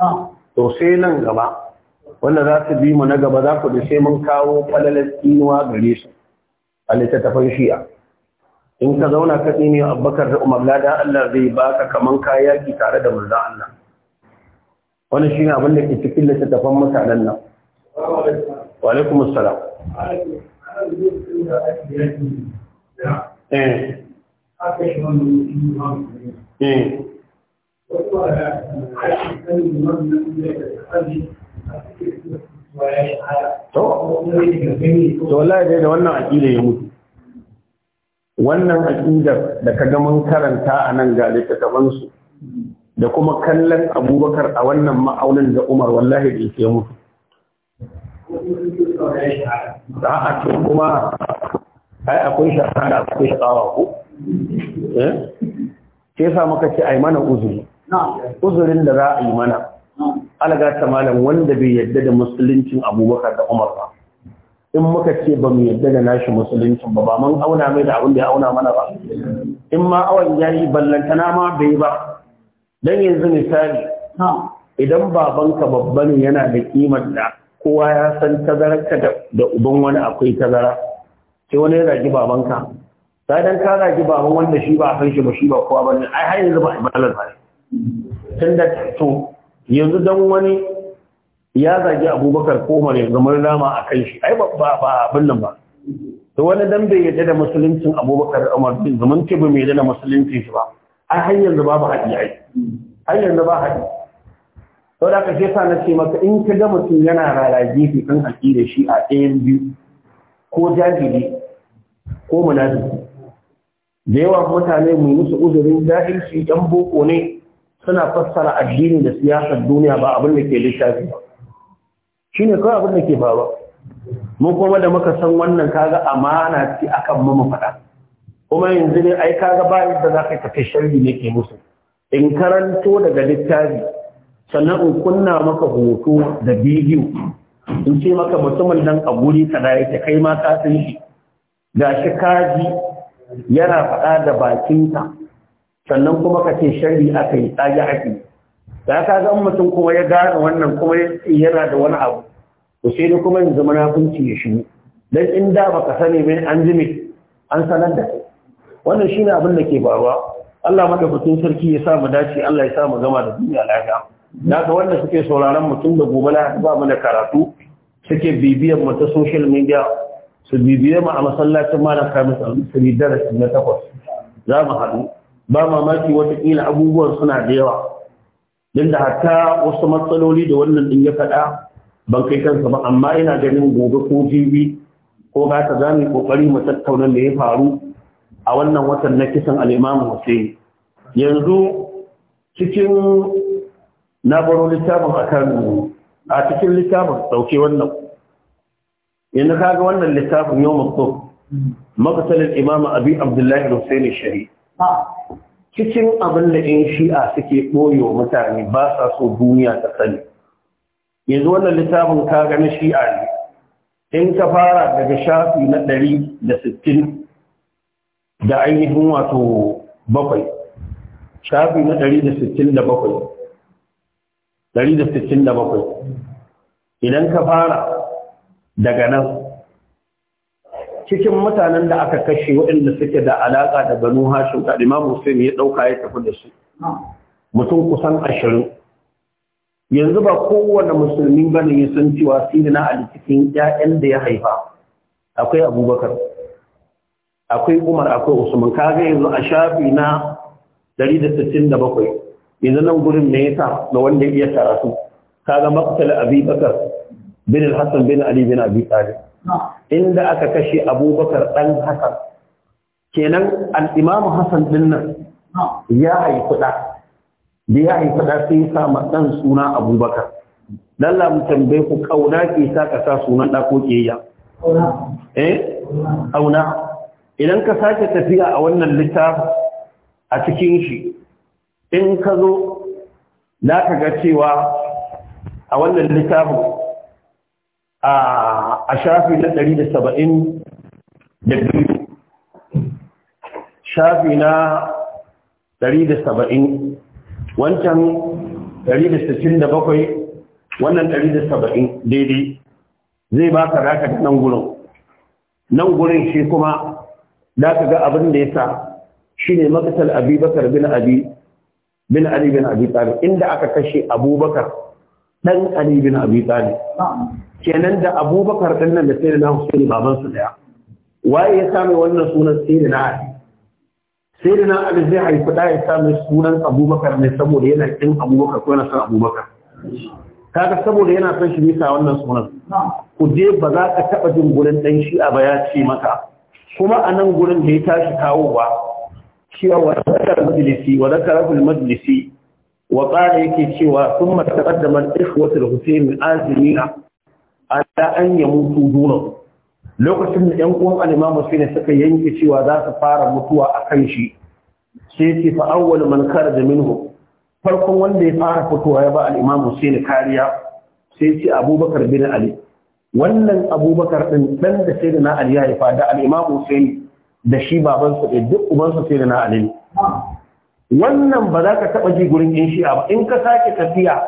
Speaker 1: ah. to sai nan gaba wanda za su bi mu na gaba za ku da sai mun kawo falalar tsinuwa gare su a littattafan shi'a in ka zauna ka tsini abubakar da umar ladan allah zai baka kaman kayaki tare da manzo allah wani shi ne abin da ke cikin littattafan mutanen nan
Speaker 2: wa alaikum salam
Speaker 1: eh. eh. to wallahi dai da wannan aƙila ya mutu wannan aƙidar da ka gaman karanta a nan ga littattafansu da kuma kallon abubakar a wannan ma'aunin da umar wallahi da ke mutu za a ce kuma ai akwai da akwai shakawa ko Ke eh? sa muka ce a yi mana uzuri uzurin da za a yi mana alaga ta malam wanda bai yadda da musuluncin abubakar da umar ba in muka ce ba mu yadda da nashi musuluncin ba ba mun auna mai da abin da ya auna mana ba in ma ya yi ballantana ma bai ba dan yanzu misali idan babanka babba ne yana da kimar da kowa ya san tazararka da uban wani akwai tazara sai wani ya zagi babanka sai dan ka zagi baban wanda shi ba san shi ba shi ba kowa ne ai har yanzu ba a malar ba da to yanzu dan wani ya zagi abubakar ko umar ya zama rama a kan shi ai ba abin nan ba to wani dan bai yadda da musuluncin abubakar umar bin zaman ce ba mai yadda da musuluncin shi ba ai har yanzu babu haɗi ai har yanzu ba haɗi sau da ka sa na ce maka in ka gama mutum yana rara gefe kan haƙi da shi a ɗayan biyu ko jahili ko munafiki da yawan mutane mai musu uzurin jahilci ɗan boko ne suna fassara addini da siyasar duniya ba abin da ke littafi ba shi ne kawai abin da ke faruwa mun kuma da muka san wannan kaga amana ce akan mamu mu faɗa kuma yanzu ne ai kaga ba yadda za ka tafi sharri ne ke musu in karanto daga littafi sannan in kunna maka hoto da bidiyo in ce maka mutumin nan a guri ka yake kai ma ka san shi ga shi kaji yana faɗa da bakinka sannan kuma ka ce shari aka yi tsage ake da ka ga mutum kuma ya gane wannan kuma yana da wani abu to sai dai kuma yanzu munafunci ya shigo dan in da baka sani mai an ji an sanar da kai wannan shine abin da ke faruwa Allah mutum sarki ya sa mu dace Allah ya sa mu gama da duniya lafiya Na ga wanda suke sauraron mutum da gobe na ba mu da karatu suke bibiyar mu ta social media su bibiye mu a masallacin malam kamis al-musri darasi na takwas za mu haɗu ba mamaki watakila abubuwan suna da yawa Din da hatta wasu matsaloli da wannan din ya faɗa ban kai kansa ba amma ina ganin gobe ko jibi ko ba za mu yi ƙoƙari mu tattauna me ya faru a wannan watan na kisan al'imamu Hussein yanzu cikin na baro littafin a kan a cikin littafin ɗauke wannan yanzu kaga wannan littafin yau maso makasalin imamu abi abdullahi Hussein shari cikin abin da in shi'a suke ɓoye wa mutane ba sa so duniya ta sani yanzu wannan littafin ka gani shi'a ne in ka fara daga shafi na ɗari da sittin da ainihin wato bakwai shafi na 167 bakwai! idan ka fara daga nan cikin mutanen da aka kashe waɗanda suke da alaƙa da banu hashin ta. imam hussein ya ɗauka ya tafi da su mutum kusan ashirin yanzu ba kowane musulmi ne ya san cewa sinina a cikin 'ya'yan da ya haifa akwai abubakar akwai umar akwai usman kaga yanzu a shafi na 167 yanzu nan gurin me yasa na wanda ya iya karatu kaga maqtal abi bakar bin al-hasan bin ali bin abi talib inda aka kashe abubakar dan hasan kenan al-imam hasan din nan ya haifi da da ya haifi da sai sa ma dan suna abubakar lalla mu tambaye ku kauna ke sa ka sa sunan da ko kiyaya eh kauna idan ka sake tafiya a wannan littafin a cikin shi in ka zo za ka ga cewa a wannan littafin a shafi na ɗari da saba'in da biyu shafi na ɗari da saba'in wancan ɗari da sittin da bakwai wannan ɗari da saba'in daidai zai ba ka raka nan gurin nan gurin shi kuma da ka ga abin da ya sa shi ne makasar abubakar bin ali bin abi talib inda aka kashe abubakar dan ali bin abi talib kenan da abubakar din nan da sai na husaini baban su daya waye ya sami wannan sunan sai na ali sai na ali zai haifi ɗaya ya sami sunan abubakar ne saboda yana kin abubakar ko yana son abubakar kaga saboda yana son shi bisa wannan sunan ku je ba za ka taɓa jin gurin dan shi a ba ya ce maka kuma a nan gurin da ya tashi kawo ba. cewa wa zakara majlisi wa zakara majlisi wa qala yake cewa sun taqaddama al-ikhwatu al-husayn azmina ala an yamutu duna lokacin da ‘yan uwan alimamu su ne suka yanke cewa za su fara mutuwa a kan shi sai ce fa'awwal mankar da minhu farkon wanda ya fara fitowa ya ba al'imamu ne kariya sai ce abubakar bin ali wannan abubakar ɗin ɗan da sai da na'ali ya haifa da al'imamu sai da shi babansu ɗaya duk ubansu sai da na'ali wannan ba za ka taɓa ji gurin yin shi'a ba in ka sake tafiya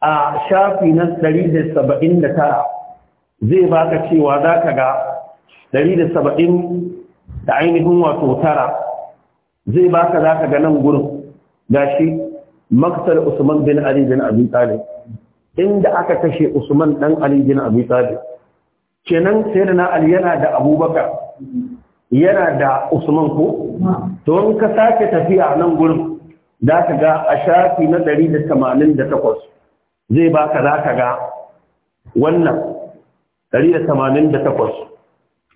Speaker 1: a shafi na 179 zai baka cewa za ka ga 170 da ainihin wato tara zai baka za ka ga nan gurin gashi maktar usman bin ali bin abin talib inda aka kashe Usman dan Ali bin Abi Talib kenan sayyidina Ali yana da Abubakar yana da Usman ko to in ka sake tafiya nan gurin za ka ga a shafi na 188 zai baka za ka ga wannan 188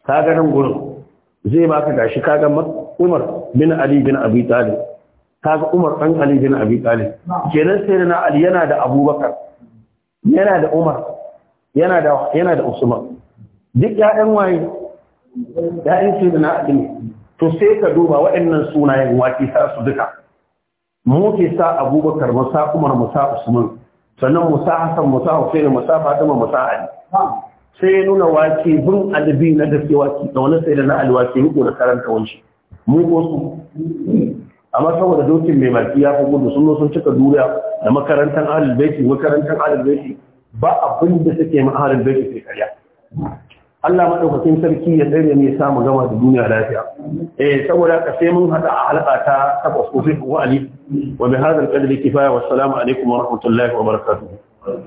Speaker 1: ka ga nan gurin zai baka Ka kaga Umar bin Ali bin Abi Talib ga Umar dan Ali bin Abi Talib kenan sayyidina Ali yana da Abubakar yana da Umar yana da yana da Usman duk ƴaƴan waye ƴaƴan Sayyidina Ali ne to sai ka duba waɗannan sunayen waki sa su duka mu ke sa Abubakar mu Umar mu Usman sannan mu sa Hassan mu sa Hussein mu Fatima mu Ali sai nuna wake bin adabi na gaske waki, da wani da Ali wake ko da karanta wani mu ko su amma saboda dokin mai marki ya fi gudu sun sun cika duniya da makarantar ahlul baiti makarantar ahlul baiti ba abin da suke ma ahlul baiti sai karya Allah madaukakin sarki ya tsare ne ya mu gama da duniya lafiya eh saboda ka sai mun hada a halaka ta takwas ko sai wa ali wa bi hadha al-qadri kifaya wassalamu alaikum wa rahmatullahi wa barakatuh